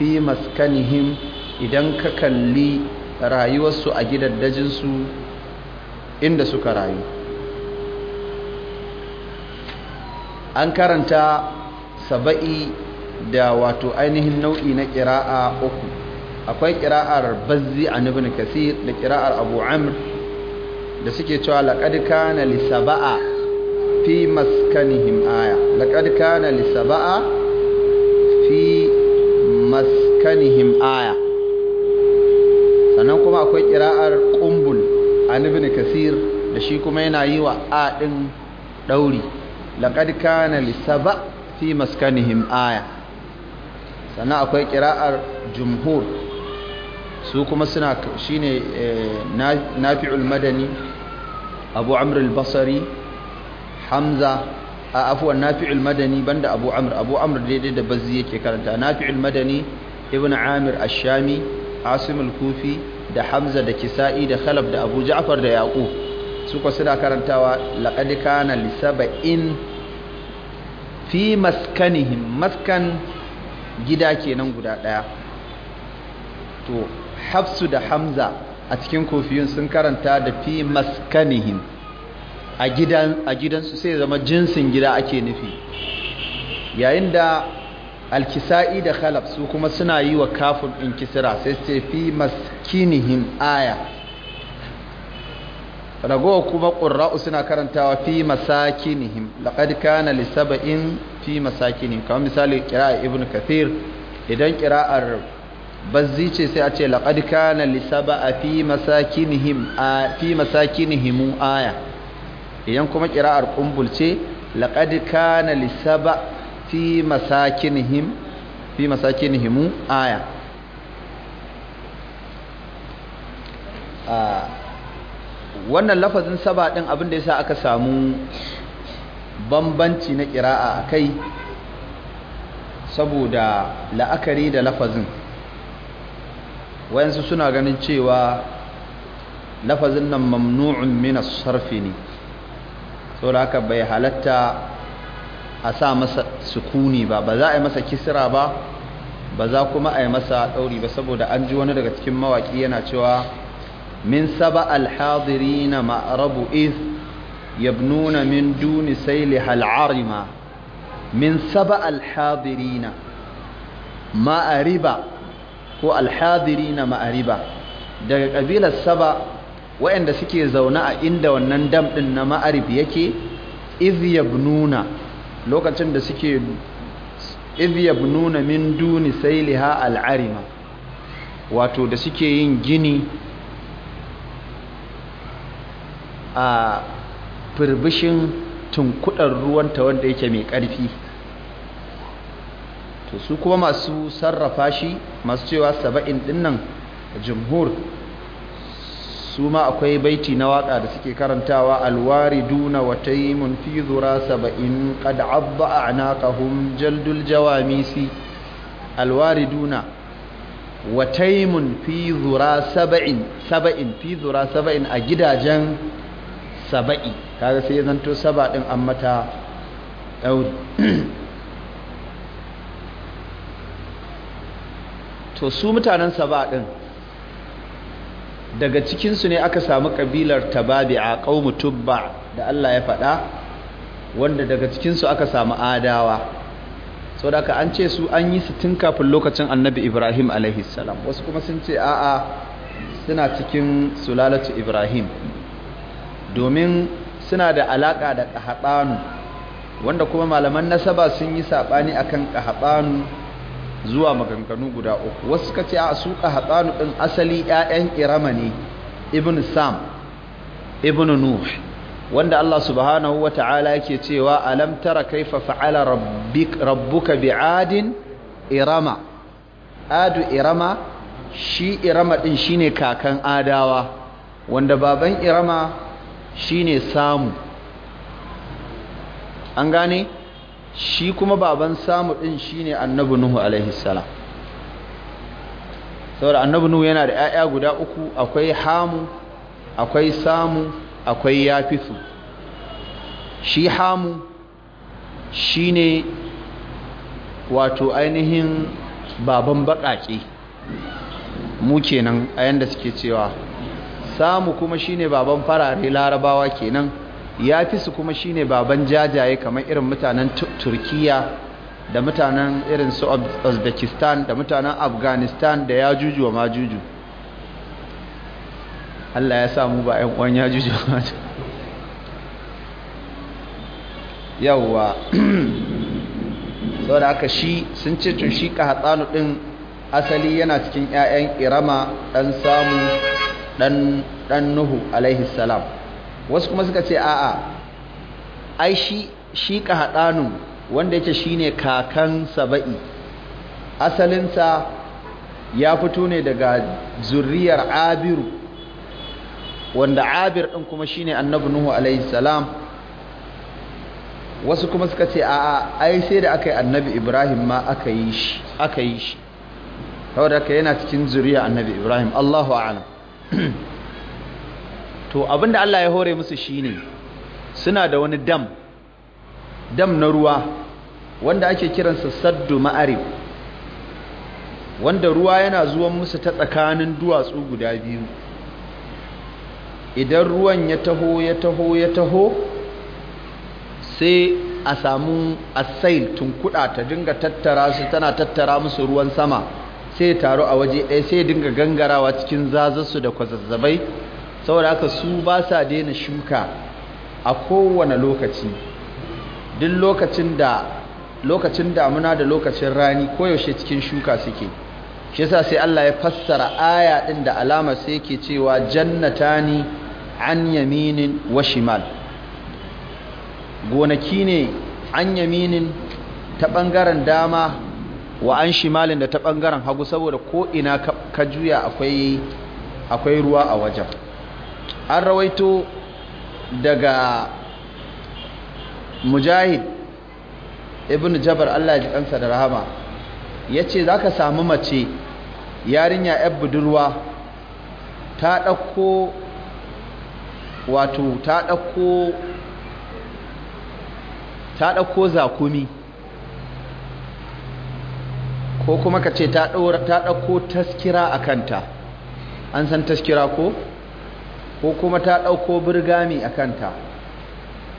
fi maskanihim idan ka kalli rayuwarsu a gidaddajinsu inda suka rayu an karanta saba'i da wato ainihin nau'i na kira'a uku akwai kira'ar bazzi a nubin kasir da kira'ar abu amr da suke cewa laƙad kana lisaba'a fi maskanihim aya laƙad kana lisaba'a fi maskanihim aya sannan kuma akwai kira'ar ƙumbul a nubin kasir da shi kuma yana yi wa aɗin ɗauri laƙad kana lisaba fi maskanihim aya sannan akwai kira'ar jumhur su kuma suna shine eh, nafi'ul madani abu amr al-basri hamza a afuwan nafi'ul madani banda abu amr abu amr daidai da bazzi yake karanta nafi'ul madani ibn amir ash asim al-kufi da hamza da kisa'i da khalab da abu ja'far da yaqub suka suna karantawa laqad kana lisaba'in fi maskanihim maskan gida kenan guda ɗaya to hafsu da hamza a cikin kofiyun sun karanta da fi maskanihim a gidansu sai zama jinsin gida ake nufi yayin da alkisa'i da khalaf su kuma suna yi wa kafin in kisira sai ce fi maskinihim aya ragowa kuma ƙura'u suna karantawa fi masakinihim laƙadika na lissaba'in. fi masakini kamar misali kira'a ibn kathir idan kira'ar bazzi ce sai a ce laqad kana li fi masakinihim fi masakinihim aya idan kuma kira'ar qumbul ce laqad kana lisaba fi masakinihim fi masakinihim aya wannan lafazin saba din abin da yasa aka samu bambanci na ƙira'a a kai saboda la'akari da lafazin wayansu suna ganin cewa lafazin nan mamnu'un mina sarfi ne saboda haka bai halatta a sa masa sukuni ba ba za a yi masa kisira ba ba za kuma a yi masa ɗauri ba saboda an ji wani daga cikin mawaƙi yana cewa min saba alhadiri na ma'arabu iz yabnuna min duni sayliha al'arima min saba alhadirina ma'ariba ko alhadirina ma'ariba daga kabilar saba waɗanda suke zaune a inda wannan dam ɗin na ma'arib yake iz yabnuna lokacin da suke iz yabnuna min duni sai liha al'arima wato da suke yin gini a firbishin tunkudar ruwanta wanda yake mai ƙarfi to su kuma masu sarrafa shi masu cewa saba'in dinnan jumhur su ma akwai baiti na waka da suke karantawa al'wari, duna, wa taymun fi zura saba'in kada abba anaqahum jaldul jawamisi duna wa taymun fi zura saba'in fi zura saba'in a gidajen saba'i kaga sai ya zanto saba din an mata dauri to su mutanen saba din daga su ne aka samu kabilar tababi'a qaumu tubba da Allah ya faɗa wanda daga cikin su aka samu adawa so da an ce su an yi su tun kafin lokacin annabi ibrahim salam wasu kuma sun ce a'a suna cikin sulalatu ibrahim domin suna da alaƙa da ƙahaɓanu wanda kuma malaman nasaba sun yi saɓani a kan ƙahaɓanu zuwa maganganu guda uku wasu suka ce a su ƙahaɓanu ɗin asali 'ya'yan irama ne ibn sam ibn nuh wanda Allah subhanahu wa ta'ala yake cewa alam tara kaifa fa'ala rabbuka adin irama adu irama shi irama din shine kakan adawa wanda baban irama Shi ne samu an gane shi kuma baban samu din shine annabi nuhu alaihi salam saboda annabi nuhu yana da 'ya'ya guda uku akwai hamu akwai samu akwai yafisu shi hamu shi ne wato ainihin baban baƙaƙe mu kenan a yanda suke cewa samu kuma shine baban farare larabawa kenan ya fi su kuma shine baban jajaye kamar irin mutanen turkiya da mutanen irin su uzbekistan da mutanen afghanistan da ya juju wa majuju allah ya samu ba yan uwan ya juju wa majuju yawwa da haka shi sun ce tun shi ka hatsanu din asali yana cikin 'ya'yan irama dan samu dan nuhu alaihi salam wasu kuma suka ce a'a ai shi shi kahadanun wanda yake shine kakan saba'i asalinsa ya fito ne daga zurriyar abiru wanda abir din kuma shine annabi nuhu alaihi salam wasu kuma suka ce a'a ai sai da aka yi annabi ibrahim ma aka yi shi aka yi shi saboda yana cikin zuriya annabi ibrahim allahu a'lam to abinda Allah ya hore musu shine suna da wani dam dam na ruwa wanda ake kiransa saddu ma'arib wanda ruwa yana zuwan musu ta tsakanin duwatsu guda biyu idan ruwan ya taho ya taho ya taho sai a samu asail tunkuda ta dinga tattara su tana tattara musu ruwan sama sai taro a waje ɗaya sai dinga gangarawa cikin zazarsu da kwazazzabai saboda haka su ba sa daina shuka a kowane lokaci duk lokacin da lokacin damuna da lokacin rani koyaushe cikin shuka suke shi yasa sai Allah ya fassara aya din da alama sai yake cewa jannatani an yaminin wa shimal gonaki ne an yaminin ta bangaren dama wa an shimalin da ta bangaren hagu saboda ko ina ka juya akwai ruwa a wajen an rawaito daga mujahid ibn jabar allah ji kansa da rahama ya ce za ka samu mace yarinya 'yar budurwa ta ɗauko wato ta ɗauko ta ɗauko zakumi ko kuma ka ce ta ɗauko taskira a kanta an san taskira ko? ko kuma ta ɗauko birgami a kanta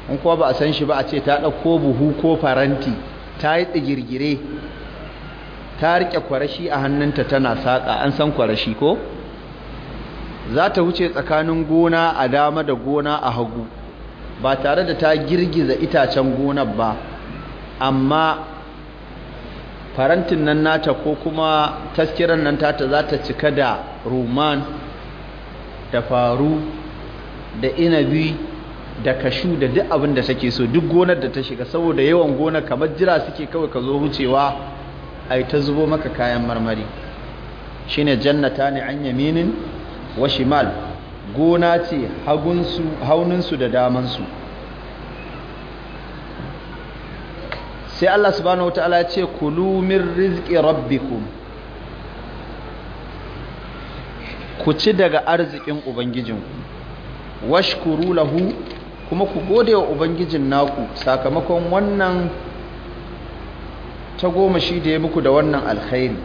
in kuwa ba a san shi ba a ce ta ɗauko buhu ko faranti ta yi tsigirgire ta riƙe kwarashi a hannunta tana saƙa an san kwarashi ko? za ta wuce tsakanin gona a dama da gona a hagu ba tare da ta girgiza itacen gonar ba amma farantin nan nata ko kuma taskiran nan tata za ta cika da ruman da faru da inabi da kashu da duk abin da take so duk gonar da ta shiga saboda yawan gonar kamar jira suke kawai ka zo wucewa ai ta zubo maka kayan marmari Shina jannata ne an yaminin wa shimal gona ce hagunsu hauninsu da damansu sai Allah subhanahu wataala ya ce kulumin rizki rabbikum ku ci daga arzikin ubangijinku washkuru hu. kuma ku gode wa ubangijin naku sakamakon wannan ta goma shi da ya muku da wannan alkhairi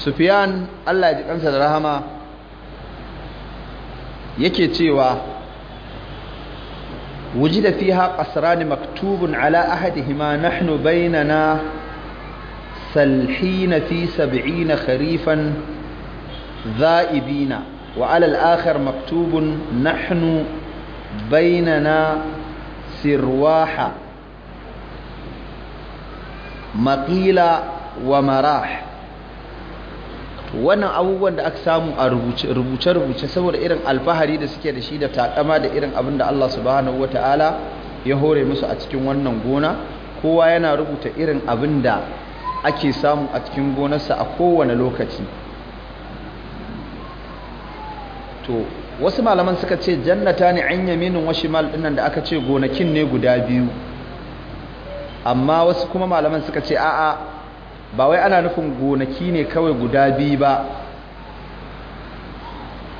sufiyan Allah ya ji kansa da rahama yake cewa وجد فيها قصران مكتوب على أحدهما نحن بيننا سلحين في سبعين خريفا ذائبين وعلى الآخر مكتوب نحن بيننا سرواح مقيل ومراح wannan abubuwan da aka samu a rubuce-rubuce saboda irin alfahari da suke da shi da takama da irin abin da Allah subhanahu Ta'ala ya hore musu a cikin wannan gona kowa yana rubuta irin abin da ake samu a cikin gonarsa a kowane lokaci to wasu malaman suka ce jannata ne an yaminin wa shimal da aka ce gonakin ne guda biyu amma wasu kuma malaman suka ce a'a ba wai ana nufin gonaki ne kawai guda biyu ba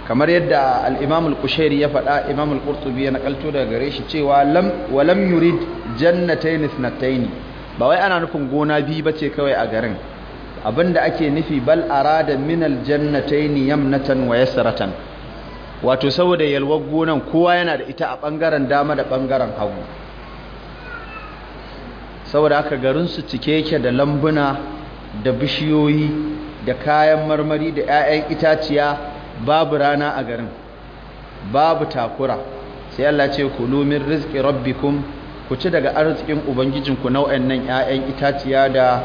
kamar yadda Al'imamul kushairi ya faɗa imam al biya ya nakalto daga gare shi cewa lam wa na yurid jannatayn ithnatayn ba wai ana nufin gona biyu ce kawai a garin abinda ake nufi bal arada min al-jannatayn yamnatan wa saratan. wato saboda yalwar gonan kowa yana da ita a ɓangaren dama da ɓangaren hagu saboda aka garinsu cike yake da lambuna da bishiyoyi da kayan marmari da 'ya'yan itaciya babu rana a garin babu takura sai Allah ce ku lumin rizki rabbikum ku ci daga arzikin ubangijinku nau'in nan 'ya'yan itaciya da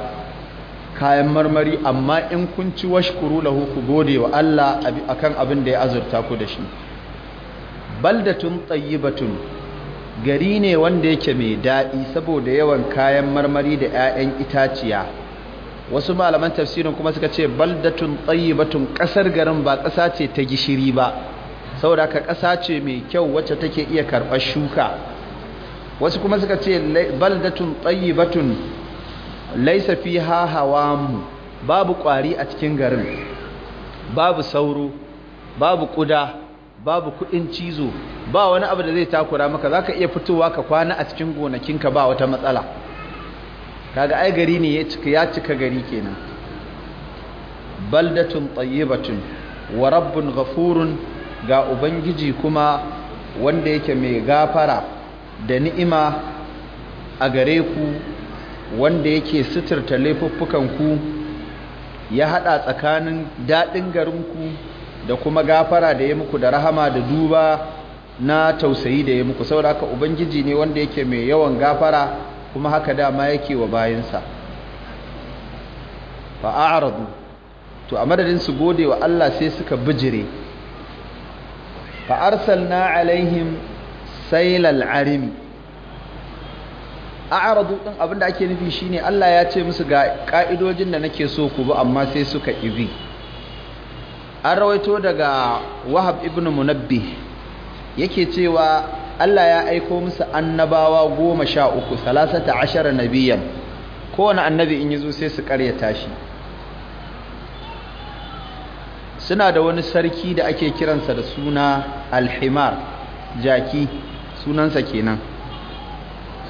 kayan marmari amma in kun ci washkuru lahu ku gode wa Allah akan abin da ya azurta ku da shi baldatun tayyibatun gari ne wanda yake mai daɗi saboda yawan kayan marmari da 'ya'yan itaciya wasu malaman tafsirin kuma suka ce baldatun tayyibatun kasar garin ba kasa ce ta gishiri ba saboda ka ƙasa ce mai kyau wacce take iya karɓar shuka wasu kuma suka ce baldatun tayyibatun laysa fiha mu, babu ƙwari a cikin garin babu sauro babu ƙuda, babu kuɗin cizo ba wani abu da zai takura maka zaka iya fitowa ka kwana a cikin gonakinka ba wata matsala kaga ai gari ne ya cika ya cika gari kenan baldatun tayyibatun wa rabbun ghafurun ga ubangiji kuma wanda yake mai gafara da ni'ima a gare ku wanda yake suturta ku ya hada tsakanin daɗin garinku da kuma gafara da ya muku da rahama da duba na tausayi da ya muku saboda haka ubangiji ne wanda yake mai yawan gafara kuma haka dama yake wa bayansa fa a'radu to a madadin su gode wa Allah sai suka bijire fa arsalna alaihim sailal arim a'radu din abinda ake nufi shine Allah ya ce musu ga ka'idojin da nake so ku bi amma sai suka ibi an rawaito daga wahab ibn munabbih yake cewa Allah ya aiko musu annabawa goma sha uku salasata ashara nabiyan kowane annabi in yi zo sai su karyata tashi. suna da wani sarki da ake kiransa da suna alhimar jaki sunansa kenan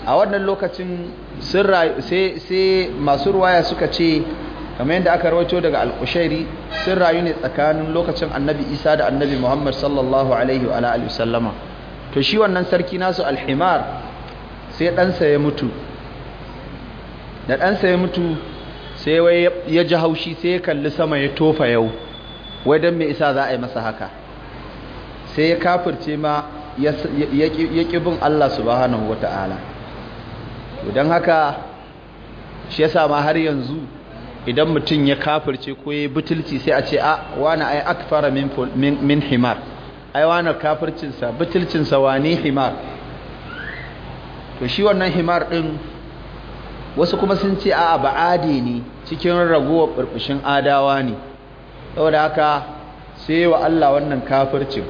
a wannan lokacin sai masu ruwaya suka ce kamar yadda aka rawato daga alkushairi sun rayu ne tsakanin lokacin annabi isa da annabi muhammad sallallahu alaihi wa wasallama to shi wannan sarki nasu alhimar sai ɗansa ya mutu da ɗansa ya mutu sai ya ji haushi sai ya kalli sama ya tofa yau wai dan mai isa za a yi masa haka sai ya kafirce ma ya ƙibin Allah subhanahu wa ta'ala don haka shi ya ma har yanzu idan mutum ya kafirce ko ya yi butulci sai a ce a wani ai akfara min himar Aiwanar wani kafircinsa butulcinsa wani himar to shi wannan himar din wasu kuma sun ce a ba'adi ne cikin ragowar ɓarɓashin adawa ne saboda haka sai wa Allah wannan kafircin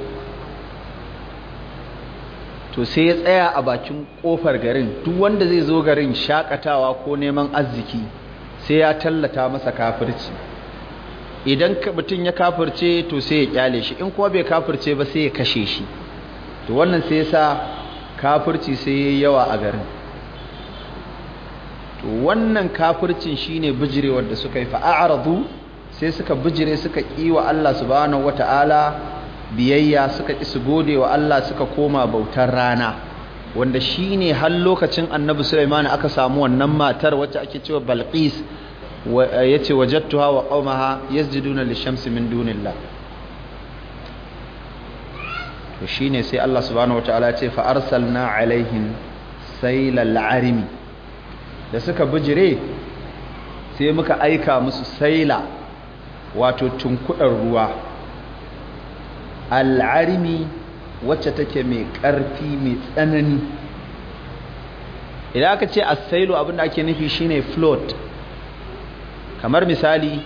to sai ya tsaya a bakin ƙofar garin duk wanda zai zo garin shakatawa ko neman arziki sai ya tallata masa kafirci idan mutum ya kafirce to sai ya kyale shi in kuwa bai kafirce ba sai ya kashe shi to wannan sai sa kafirci sai yayi yawa a garin to wannan kafircin ne bijire wanda suka yi fa sai suka bijire suka kiwa Allah wa wataala biyayya suka ki su gode wa Allah suka koma bautar rana wanda shi ne har lokacin Annabi Sulaiman aka samu wannan matar wacce ake cewa Balqis Eh, yace wajadtuha wa qaumaha yasjuduna lishamsi min dunillah to shine sai Allah subhanahu wataala ce fa arsalna alaihim sailal arimi da suka bijire sai muka aika musu saila wato tunkudar ruwa al'arimi wacce take mai ƙarfi mai tsanani idan aka ce asailu abinda ake nufi shine float kamar misali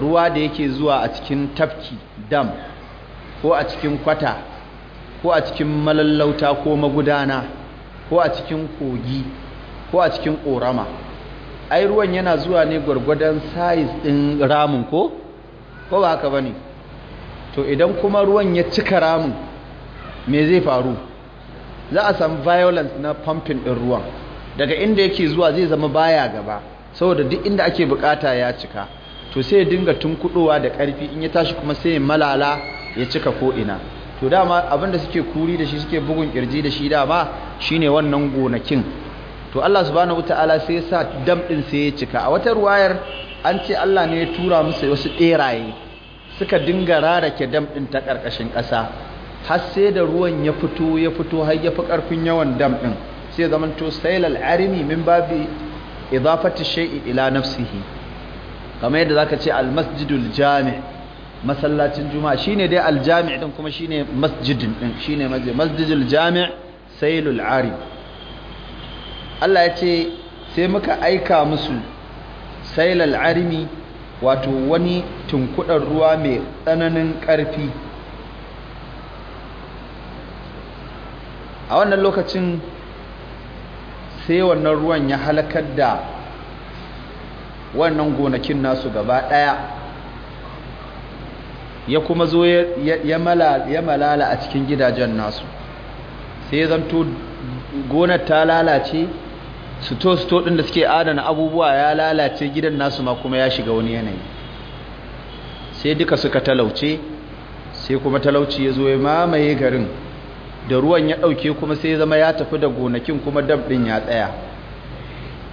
ruwa da yake zuwa a cikin tafki dam ko a cikin kwata ko a cikin malallauta ko magudana ko a cikin kogi ko a cikin ƙorama ai ruwan yana zuwa ne gwargwadon size ɗin ramin ko ko ba haka ba ne to idan kuma ruwan ya cika ramin me zai faru za a samu violence na pumping ɗin ruwan daga inda yake zuwa zai zama baya gaba saboda duk inda ake bukata ya cika to sai ya dinga tunkudowa da karfi in ya tashi kuma sai ya malala ya cika ko ina to dama abinda suke kuri da shi suke bugun kirji da shi dama shine wannan gonakin to Allah subhanahu wataala sai ya sa dam din sai ya cika a wata ruwayar an ce Allah ne ya tura musu wasu ɗeraye suka dinga rarake dam din ta karkashin ƙasa har sai da ruwan ya fito ya fito har ya fi ƙarfin yawan dam din sai zamanto sailal arimi min babi idafatu shay'i ila nafsihi kamar yadda zaka ce almasjidul jami' masallacin juma'a shine dai aljami' din kuma shine masjidin din shine masjid masjidul jami' sailul ari Allah ya ce sai muka aika musu sailal arimi wato wani tunkudar ruwa mai tsananin ƙarfi a wannan lokacin sai wannan ruwan ya halakar da wannan gonakin nasu gaba ɗaya ya kuma zo ya malala a cikin gidajen nasu sai zanto gonar ta lalace sito-sito ɗin da suke adana abubuwa ya lalace gidan nasu ma kuma ya shiga wani yanayi sai duka suka talauce sai kuma talauci ya zo ya mamaye garin da ruwan ya ɗauke kuma sai zama ya tafi da gonakin kuma dam ɗin ya tsaya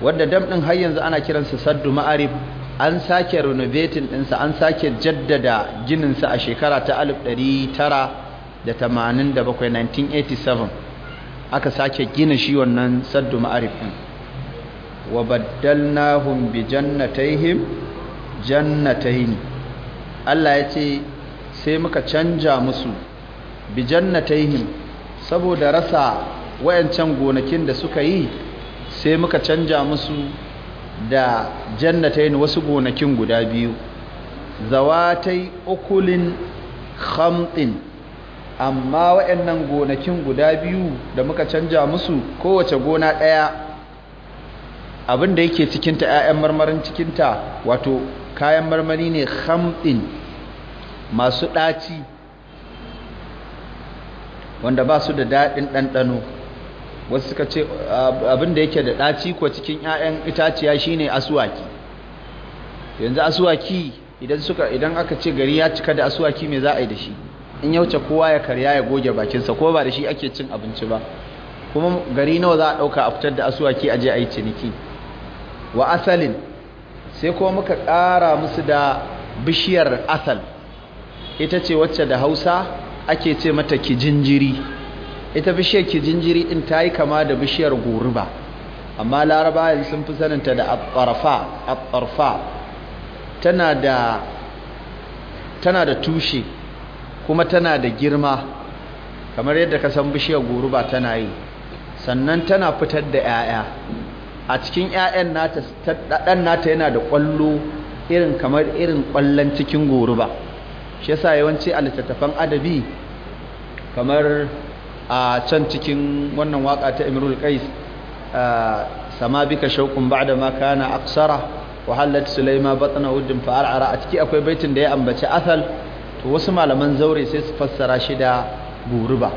wadda dam ɗin har yanzu ana kiransa saddu ma'arif an sake renovating ɗinsa an sake jaddada gininsa a shekara ta 1987 1987 aka sake gina shi wannan saddu ma'arif ɗin wa baddalnahum bi jannatayhim jannatayn Allah ya ce sai muka canja musu bi jannatayhim saboda rasa wayancan gonakin da suka yi sai muka canja musu da yin wasu gonakin guda biyu zawatai okulin khamtin amma wayannan gonakin guda biyu da muka canja musu kowace gona ɗaya. abin da yake cikinta 'ya'yan marmarin cikinta wato kayan marmari ne khamtin masu ɗaci wanda ba su da daɗin ɗanɗano wasu suka ce abin da yake da ɗaci ko cikin 'ya'yan itaciya shine asuwaki yanzu asuwaki idan suka idan aka ce gari ya cika da asuwaki mai za a yi da shi in ya kowa ya karya ya goge bakinsa ko ba da shi ake cin abinci ba kuma gari nawa za a ɗauka a fitar da asuwaki a je a yi ciniki wa asalin sai kuma muka ƙara musu da bishiyar asal ita ce wacce da hausa ake ce mata kijinjiri ita bishiyar kijinjiri din ta yi kama da bishiyar goruba amma larabawa sun fi saninta da atsarfa tana da tushe kuma tana da girma kamar yadda ka san bishiyar goruba tana yi sannan tana fitar da 'ya'ya a cikin 'ya'yan nata nata yana da kwallo irin kamar irin ƙwallon cikin goruba shi yasa yawanci a littattafan adabi kamar a can cikin wannan waka ta Imrul Qais sama bika shauqun ba'da ma kana aksara wa halat Sulaima batna uddin fa a ciki akwai baitin da ya ambaci asal to wasu malaman zaure sai su fassara shi da goruba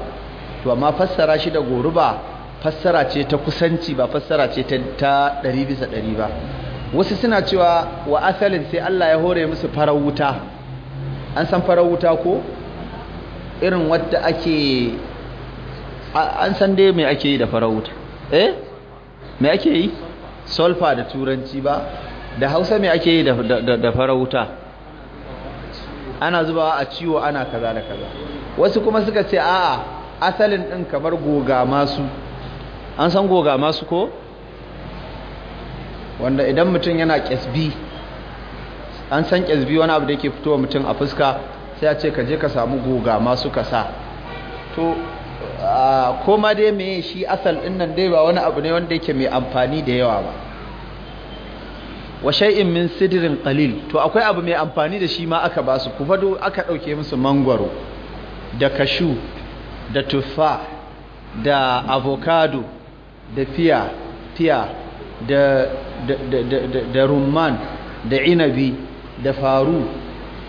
to amma fassara shi da goruba fassara ce ta kusanci ba fassara ce ta 100 bisa ɗari ba wasu suna cewa wa asalin sai Allah ya hore musu farar wuta an san farar wuta ko irin wadda ake an san dai me ake yi da farauta. eh me ake yi sulfa da turanci ba da hausa me ake yi da farauta? ana zubawa a ciwo ana kaza da kaza wasu kuma suka ce a'a asalin din kamar goga masu an san goga masu ko wanda idan mutum yana ƙesbi an san ƙesbi wani abu da yake fitowa mutum a fuska sai a ce ka je ka samu goga masu kasa to koma dai mai shi asal dinnan nan dai ba wani abu ne wanda yake mai amfani da yawa ba wa shay'in min sidrin qalil to akwai abu mai amfani da shi ma aka ba su kufado aka dauke musu mangwaro da kashu da tuffa da avocado da fiya fiya da da da rumman da inabi da faru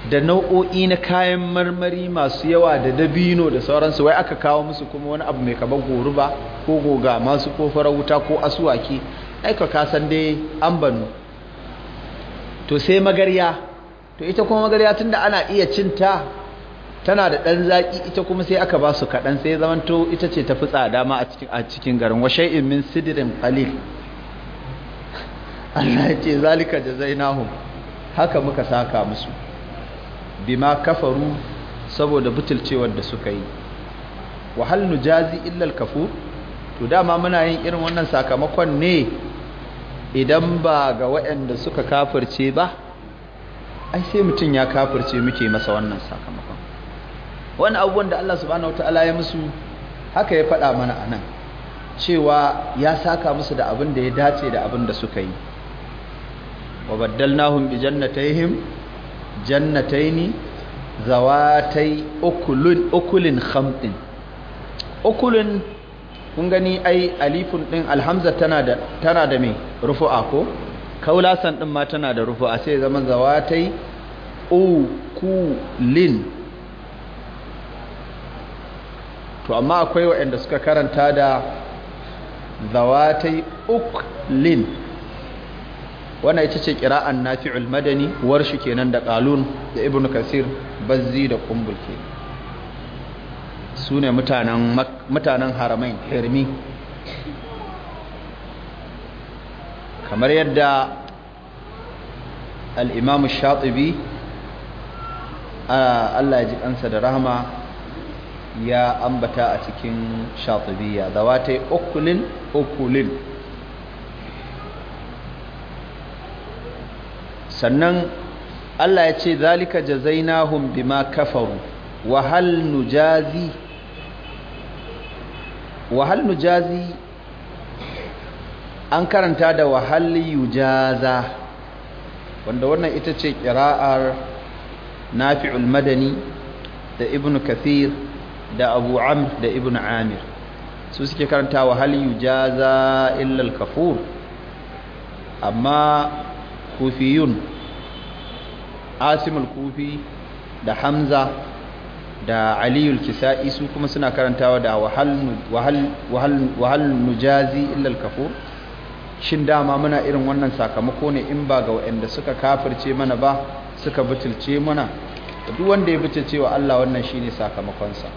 da nau'o'i na kayan marmari masu yawa da dabino da sauransu wai aka kawo musu kuma wani abu mai kaba goruba ko goga masu ko farar wuta ko asuwaki aika kasan dai an banu to sai magarya to ita kuma magarya tunda ana iya cinta tana da ɗan zaƙi ita kuma sai aka ba su kaɗan sai zamanto ita ce tafi tsada ma a cikin garin washai'in min sidirin qalil Allah ya ce zalika jazainahum haka muka saka musu bima kafaru saboda butulcewar da suka yi wahal nujazi illa al-kafur to dama muna yin irin wannan sakamakon ne idan ba ga waɗanda suka kafirce ba ai sai mutum ya kafirce muke masa wannan sakamakon wani abubuwan da Allah subhanahu wataala ya musu haka ya faɗa mana a nan cewa ya saka musu da abin da ya dace da abin da suka yi wa baddalnahum bi jannatayhim jannataini zawatai ukulun ukulin khamdin ukulun kun gani ai alifun din alhamza tana da tana da me rufu'a ko kaulasan din ma tana da rufu'a sai zama zawatai ukulin to amma akwai waɗanda suka karanta da zawatai uklin wannan ita ce kira'an nafi'ul madani shi kenan da qalun da ibnu kasir bazzi da kumbul ke sune mutanen mutanen haramain hermi kamar yadda al-imam shatibi Allah ya ji kansa da rahama ya ambata a cikin shatibiyya zawatai ukulin ukulin sannan Allah ya ce zalika jazainahum bima kafaru wa hal nujazi wa hal nujazi an karanta da wa hal yujaza wanda wannan ita ce ƙira'ar Nafi'ul Madani da Ibn Kathir da Abu Amr da Ibn Amir su suke karanta wa hal yujaza illa al-kafur amma kufiyun asimul kufi da hamza da aliyul kisa'i su kuma suna karantawa da wahal nujazi illal kafo. shin dama muna irin wannan sakamako ne in ba ga waɗanda suka kafirce mana ba suka butulce mana duk wanda ya bice cewa Allah wannan shine sakamakonsa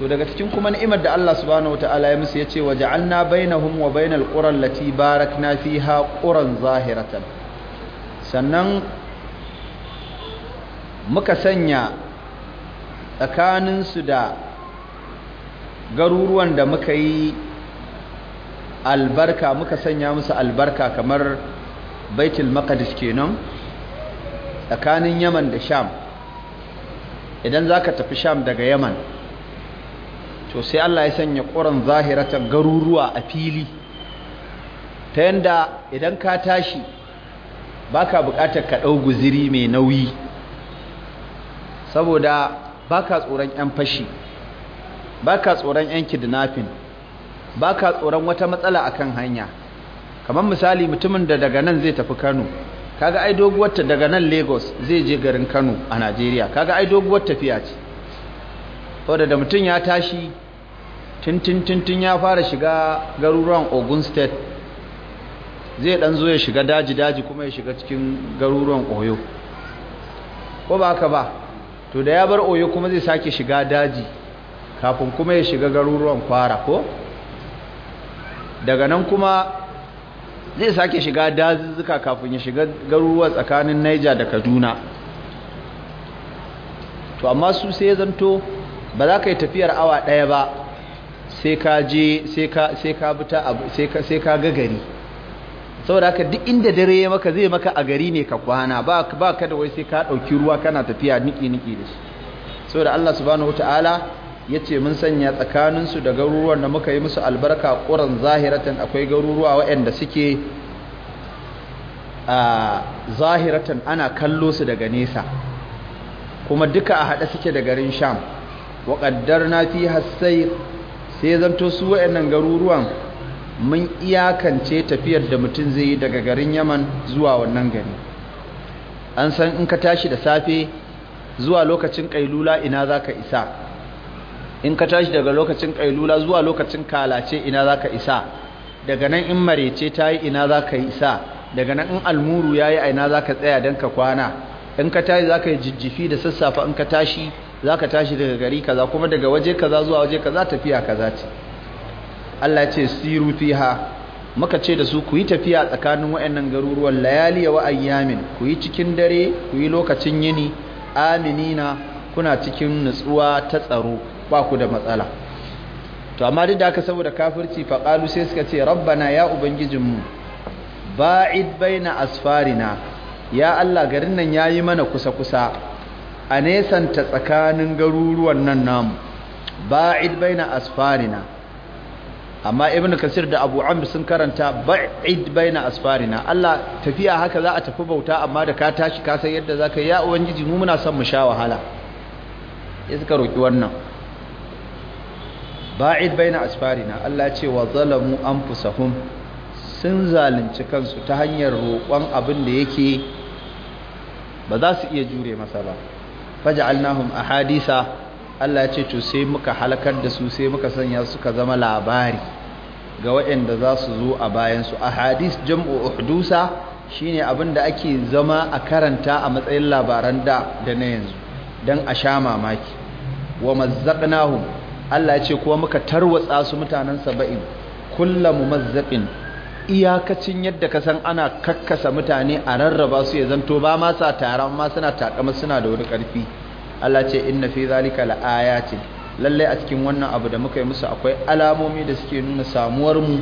to daga cikin kuma ni'imar da Allah subhanahu wataala ya musu yace ja'alna bainahum wa bainal qura allati barakna fiha quran zahiratan sannan muka sanya tsakaninsu da garuruwan da muka yi albarka muka sanya musu albarka kamar baitul maqdis kenan tsakanin yaman da sham idan zaka tafi sham daga yaman to sai Allah ya sanya ƙuran zahirata garuruwa a fili ta yanda idan ka tashi baka buƙatar ka ɗau guziri mai nauyi saboda baka tsoron 'yan fashi baka tsoron 'yan kidnapping baka tsoron wata matsala akan hanya kamar misali mutumin da daga nan zai tafi Kano kaga ai doguwar ta daga nan Lagos zai je garin Kano a Najeriya kaga ai doguwar tafiya ce saboda da mutum ya tashi tintintintin ya fara shiga garuruwan ogun state zai dan zo ya shiga daji-daji kuma ya shiga cikin garuruwan oyo ko ba ka ba to da ya bar oyo kuma zai sake shiga daji kafin kuma ya shiga garuruwan kwara ko daga nan kuma zai sake shiga dazuzzuka kafin ya shiga garuruwa tsakanin niger da kaduna to amma su sai ya zanto ba za ka yi tafiyar awa ɗaya ba sai ka je sai ka buta abu sai ka ga gari saboda haka duk inda dare ya maka zai maka a gari ne ka kwana ba ka da wai sai ka ɗauki ruwa kana tafiya niki-niki da shi saboda Allah subhanahu wata'ala ya ce mun sanya tsakaninsu da garuruwan da muka yi musu albarka ƙuran zahiratan akwai garuruwa waɗanda suke a zahiratan ana kallo su daga nesa kuma duka a haɗe suke da garin sham wa na fi sayr sai zanto su wayannan garuruwan mun iyakance tafiyar da mutum zai yi daga garin Yaman zuwa wannan gari an san in ka tashi da safe zuwa lokacin kailula ina za ka isa in ka tashi daga lokacin kailula zuwa lokacin kalace ina za ka isa daga nan in marece tayi ina za ka isa daga nan in almuru yayi ina ka tsaya don ka kwana in ka tashi za ka yi jijjifi da sassafa in ka tashi za ka tashi daga gari kaza kuma daga waje kaza zuwa waje kaza tafiya kaza ce Allah ce siru fiha muka ce da su ku yi tafiya tsakanin wa'annan garuruwan layali wa ayyamin ku yi cikin dare ku yi lokacin yini aminina kuna cikin nutsuwa ta tsaro ba ku da matsala to amma duk da haka saboda kafirci fa qalu sai suka ce rabbana ya ubangijin ubangijinmu ba'id asfari na. ya Allah garin nan ya yi mana kusa kusa a nesanta tsakanin garuruwan nan namu ba'id baina asfarina amma Ibn kasir da abu amr sun karanta ba'id baina asfarina Allah tafiya haka za a tafi bauta amma da ka tashi ka san yadda zaka ya ubangiji mu muna son mu sha wahala ya suka roki wannan ba'id baina asfarina Allah ya ce wa zalamu anfusahum sun zalunci kansu ta hanyar roƙon abin da yake ba za su iya jure masa ba faj'alnahum ahadisa Allah ya ce to sai muka halakar da su sai muka sanya suka zama labari ga waɗanda za su zo a bayan su ahadis jam'u uhdusa shine abin da ake zama a karanta a matsayin labaran da da na yanzu dan a sha mamaki wa mazzaqnahum Allah ya ce kuma muka tarwatsa su mutanen saba'in kullu mumazzaqin iyakacin yadda ka san ana kakkasa mutane a rarraba su ya zanto ba ma sa tara amma suna takama suna da wani karfi Allah ce inna fi zalika laayatin lalle a cikin wannan abu da muka yi musu akwai alamomi da suke nuna samuwar mu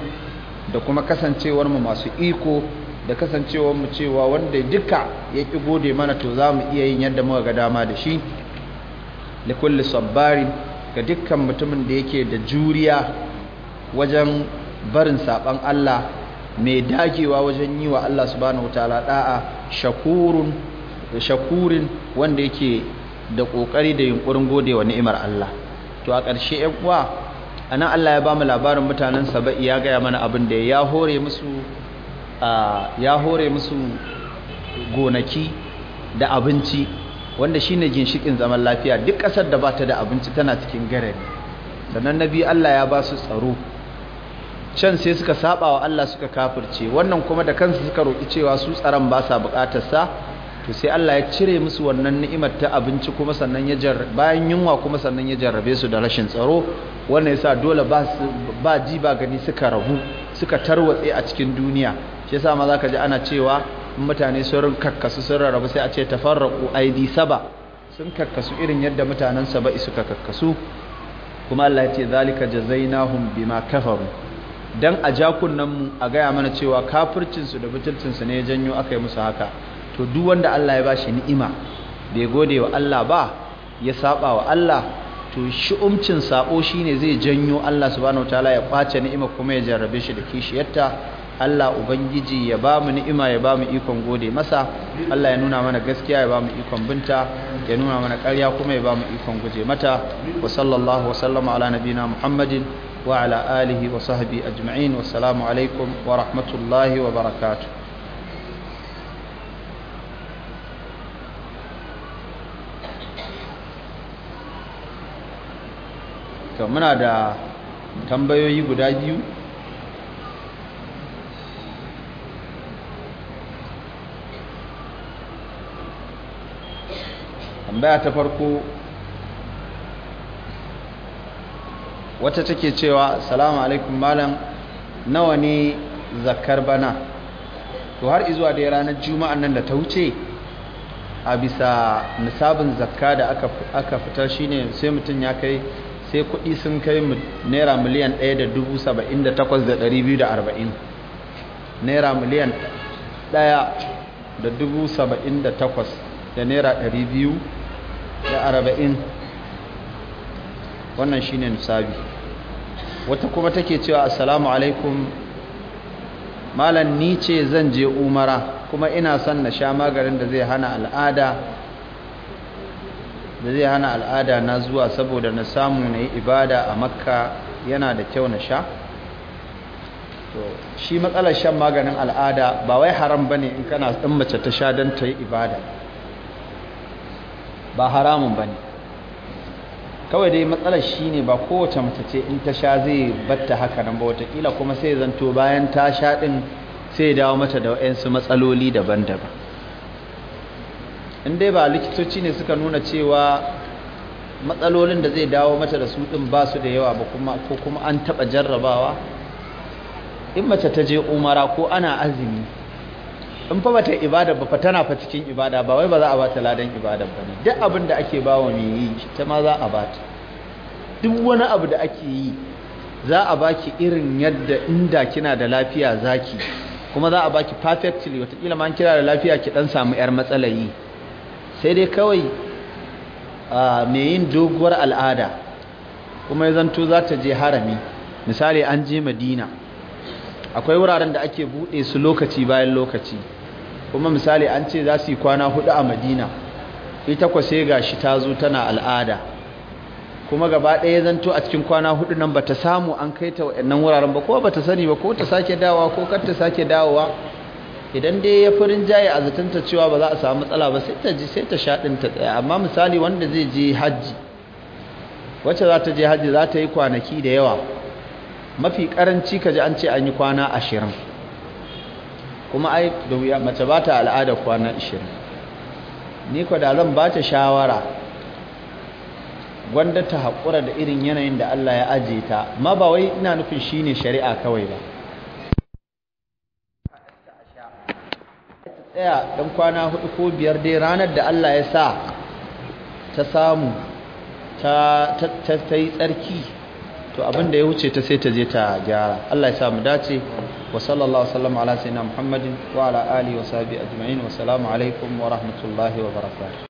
da kuma kasancewar mu masu iko da kasancewar mu cewa wanda duka ya ki gode mana to za mu iya yin yadda muka ga dama da shi kulli sabbarin ga dukkan mutumin da yake da juriya wajen barin saban Allah mai dagewa wajen yi wa Allah subhanahu wuta da'a shakurin wanda yake da ƙoƙari da yunkurin wa ni'imar Allah to a ƙarshe 'yan uwa nan Allah ya ba mu labarin mutanen Saba'i ya gaya mana abin da ya hore musu ya hore musu gonaki da abinci wanda shine ginshikin zaman lafiya duk ƙasar da ba ta da abinci tana cikin garari sannan na biyu Allah ya ba su tsaro can sai suka saba wa Allah suka kafirce wannan kuma da kansu suka roki cewa su tsaron ba sa bukatar sa to sai Allah ya cire musu wannan ni'imar ta abinci kuma sannan ya jar bayan yunwa kuma sannan ya jarrabe su da rashin tsaro wannan yasa dole ba ba ji ba gani suka rabu suka tarwatse a cikin duniya shi yasa ma zaka ji ana cewa mutane sun kakkasu sun rarrabu sai a ce tafarraqu aidi saba sun kakkasu irin yadda mutanen saba'i suka kakkasu kuma Allah ya ce zalika jazainahum bima kafaru dan a mu a gaya mana cewa kafircinsu da butulcinsu ne ya janyo aka yi musu haka to duk wanda Allah ya bashi ni'ima bai gode wa Allah ba ya saba wa Allah to shi'umcin sabo shine zai janyo Allah subhanahu wataala ya kwace ni'ima kuma ya jarrabe shi da kishiyarta Allah ubangiji ya ba mu ni'ima ya ba mu ikon gode masa Allah ya nuna mana gaskiya ya ba mu ikon binta ya nuna mana ƙarya kuma ya ba mu ikon guje mata wa sallallahu wa sallama ala nabina muhammadin وعلى آله وصحبه أجمعين والسلام عليكم ورحمة الله وبركاته muna da تنبيو guda biyu tambaya wata take cewa assalamu alaikum malam nawa ne zakar bana to har izuwa da ranar juma'a nan da ta wuce a bisa nisabin zakka da aka fita shine sai mutum ya kai sai kuɗi sun kai naira miliyan 178,240 naira miliyan 1,078 da naira 240 wannan shine nisabi wata kuma take cewa assalamu alaikum malam ni ce zan je umara kuma ina son na sha maganin da zai hana al'ada da zai hana al'ada na zuwa saboda na samu na yi ibada a makka yana da kyau na sha to shi matsalar shan maganin al'ada ba wai haram ba ne in kana in mace ta sha don ta yi ibada ba haramun ba ne kawai dai matsalar shi ne ba kowace mace ce in ta sha zai batta haka nan ba watakila kuma sai zanto bayan ta sha ɗin sai dawo mata da wayansu matsaloli daban-daban in dai ba likitoci ne suka nuna cewa matsalolin da zai dawo mata da su ɗin ba su da yawa ba kuma ko kuma an taɓa jarrabawa in mace ta je umara ko ana azumi in fa bata ibada ba fa tana fa cikin ibada ba wai ba za a bata ladan ibada ba ne duk abin da ake ba mai yi ta ma za a bata duk wani abu da ake yi za a baki irin yadda inda kina da lafiya zaki kuma za a baki perfectly kila ma kira da lafiya ki dan samu yar matsalayi sai dai kawai mai yin doguwar al'ada kuma ya zanto za ta je harami misali an je madina akwai wuraren da ake bude su lokaci bayan lokaci kuma misali an ce za su yi kwana hudu a madina ita kwa sai shi ta zo tana al'ada kuma gaba ɗaya zanto a cikin kwana hudu nan ba ta samu an kai ta waɗannan wuraren ba ko ta sani ba ko ta sake dawowa ko kar ta sake dawowa idan dai ya farin jaye a ta cewa ba za a samu matsala ba sai ta ji sai ta sha ɗin ta tsaya amma misali wanda zai je hajji wacce za ta je hajji za ta yi kwanaki da yawa mafi karanci ka ji an ce an yi kwana ashirin kuma ai da wuya mace ba ta al'ada kwana 20 ni ko da zan ba ta shawara gwanda ta haƙura da irin yanayin da Allah ya aje ta ma ba wai ina nufin shine shari'a kawai ba tsaya ɗan kwana hudu ko biyar dai ranar da Allah ya sa ta samu ta ta yi tsarki to abinda ya wuce ta sai ta je ta gyara Allah ya mu dace وصلى الله وسلم على سيدنا محمد وعلى آله وصحبه أجمعين والسلام عليكم ورحمة الله وبركاته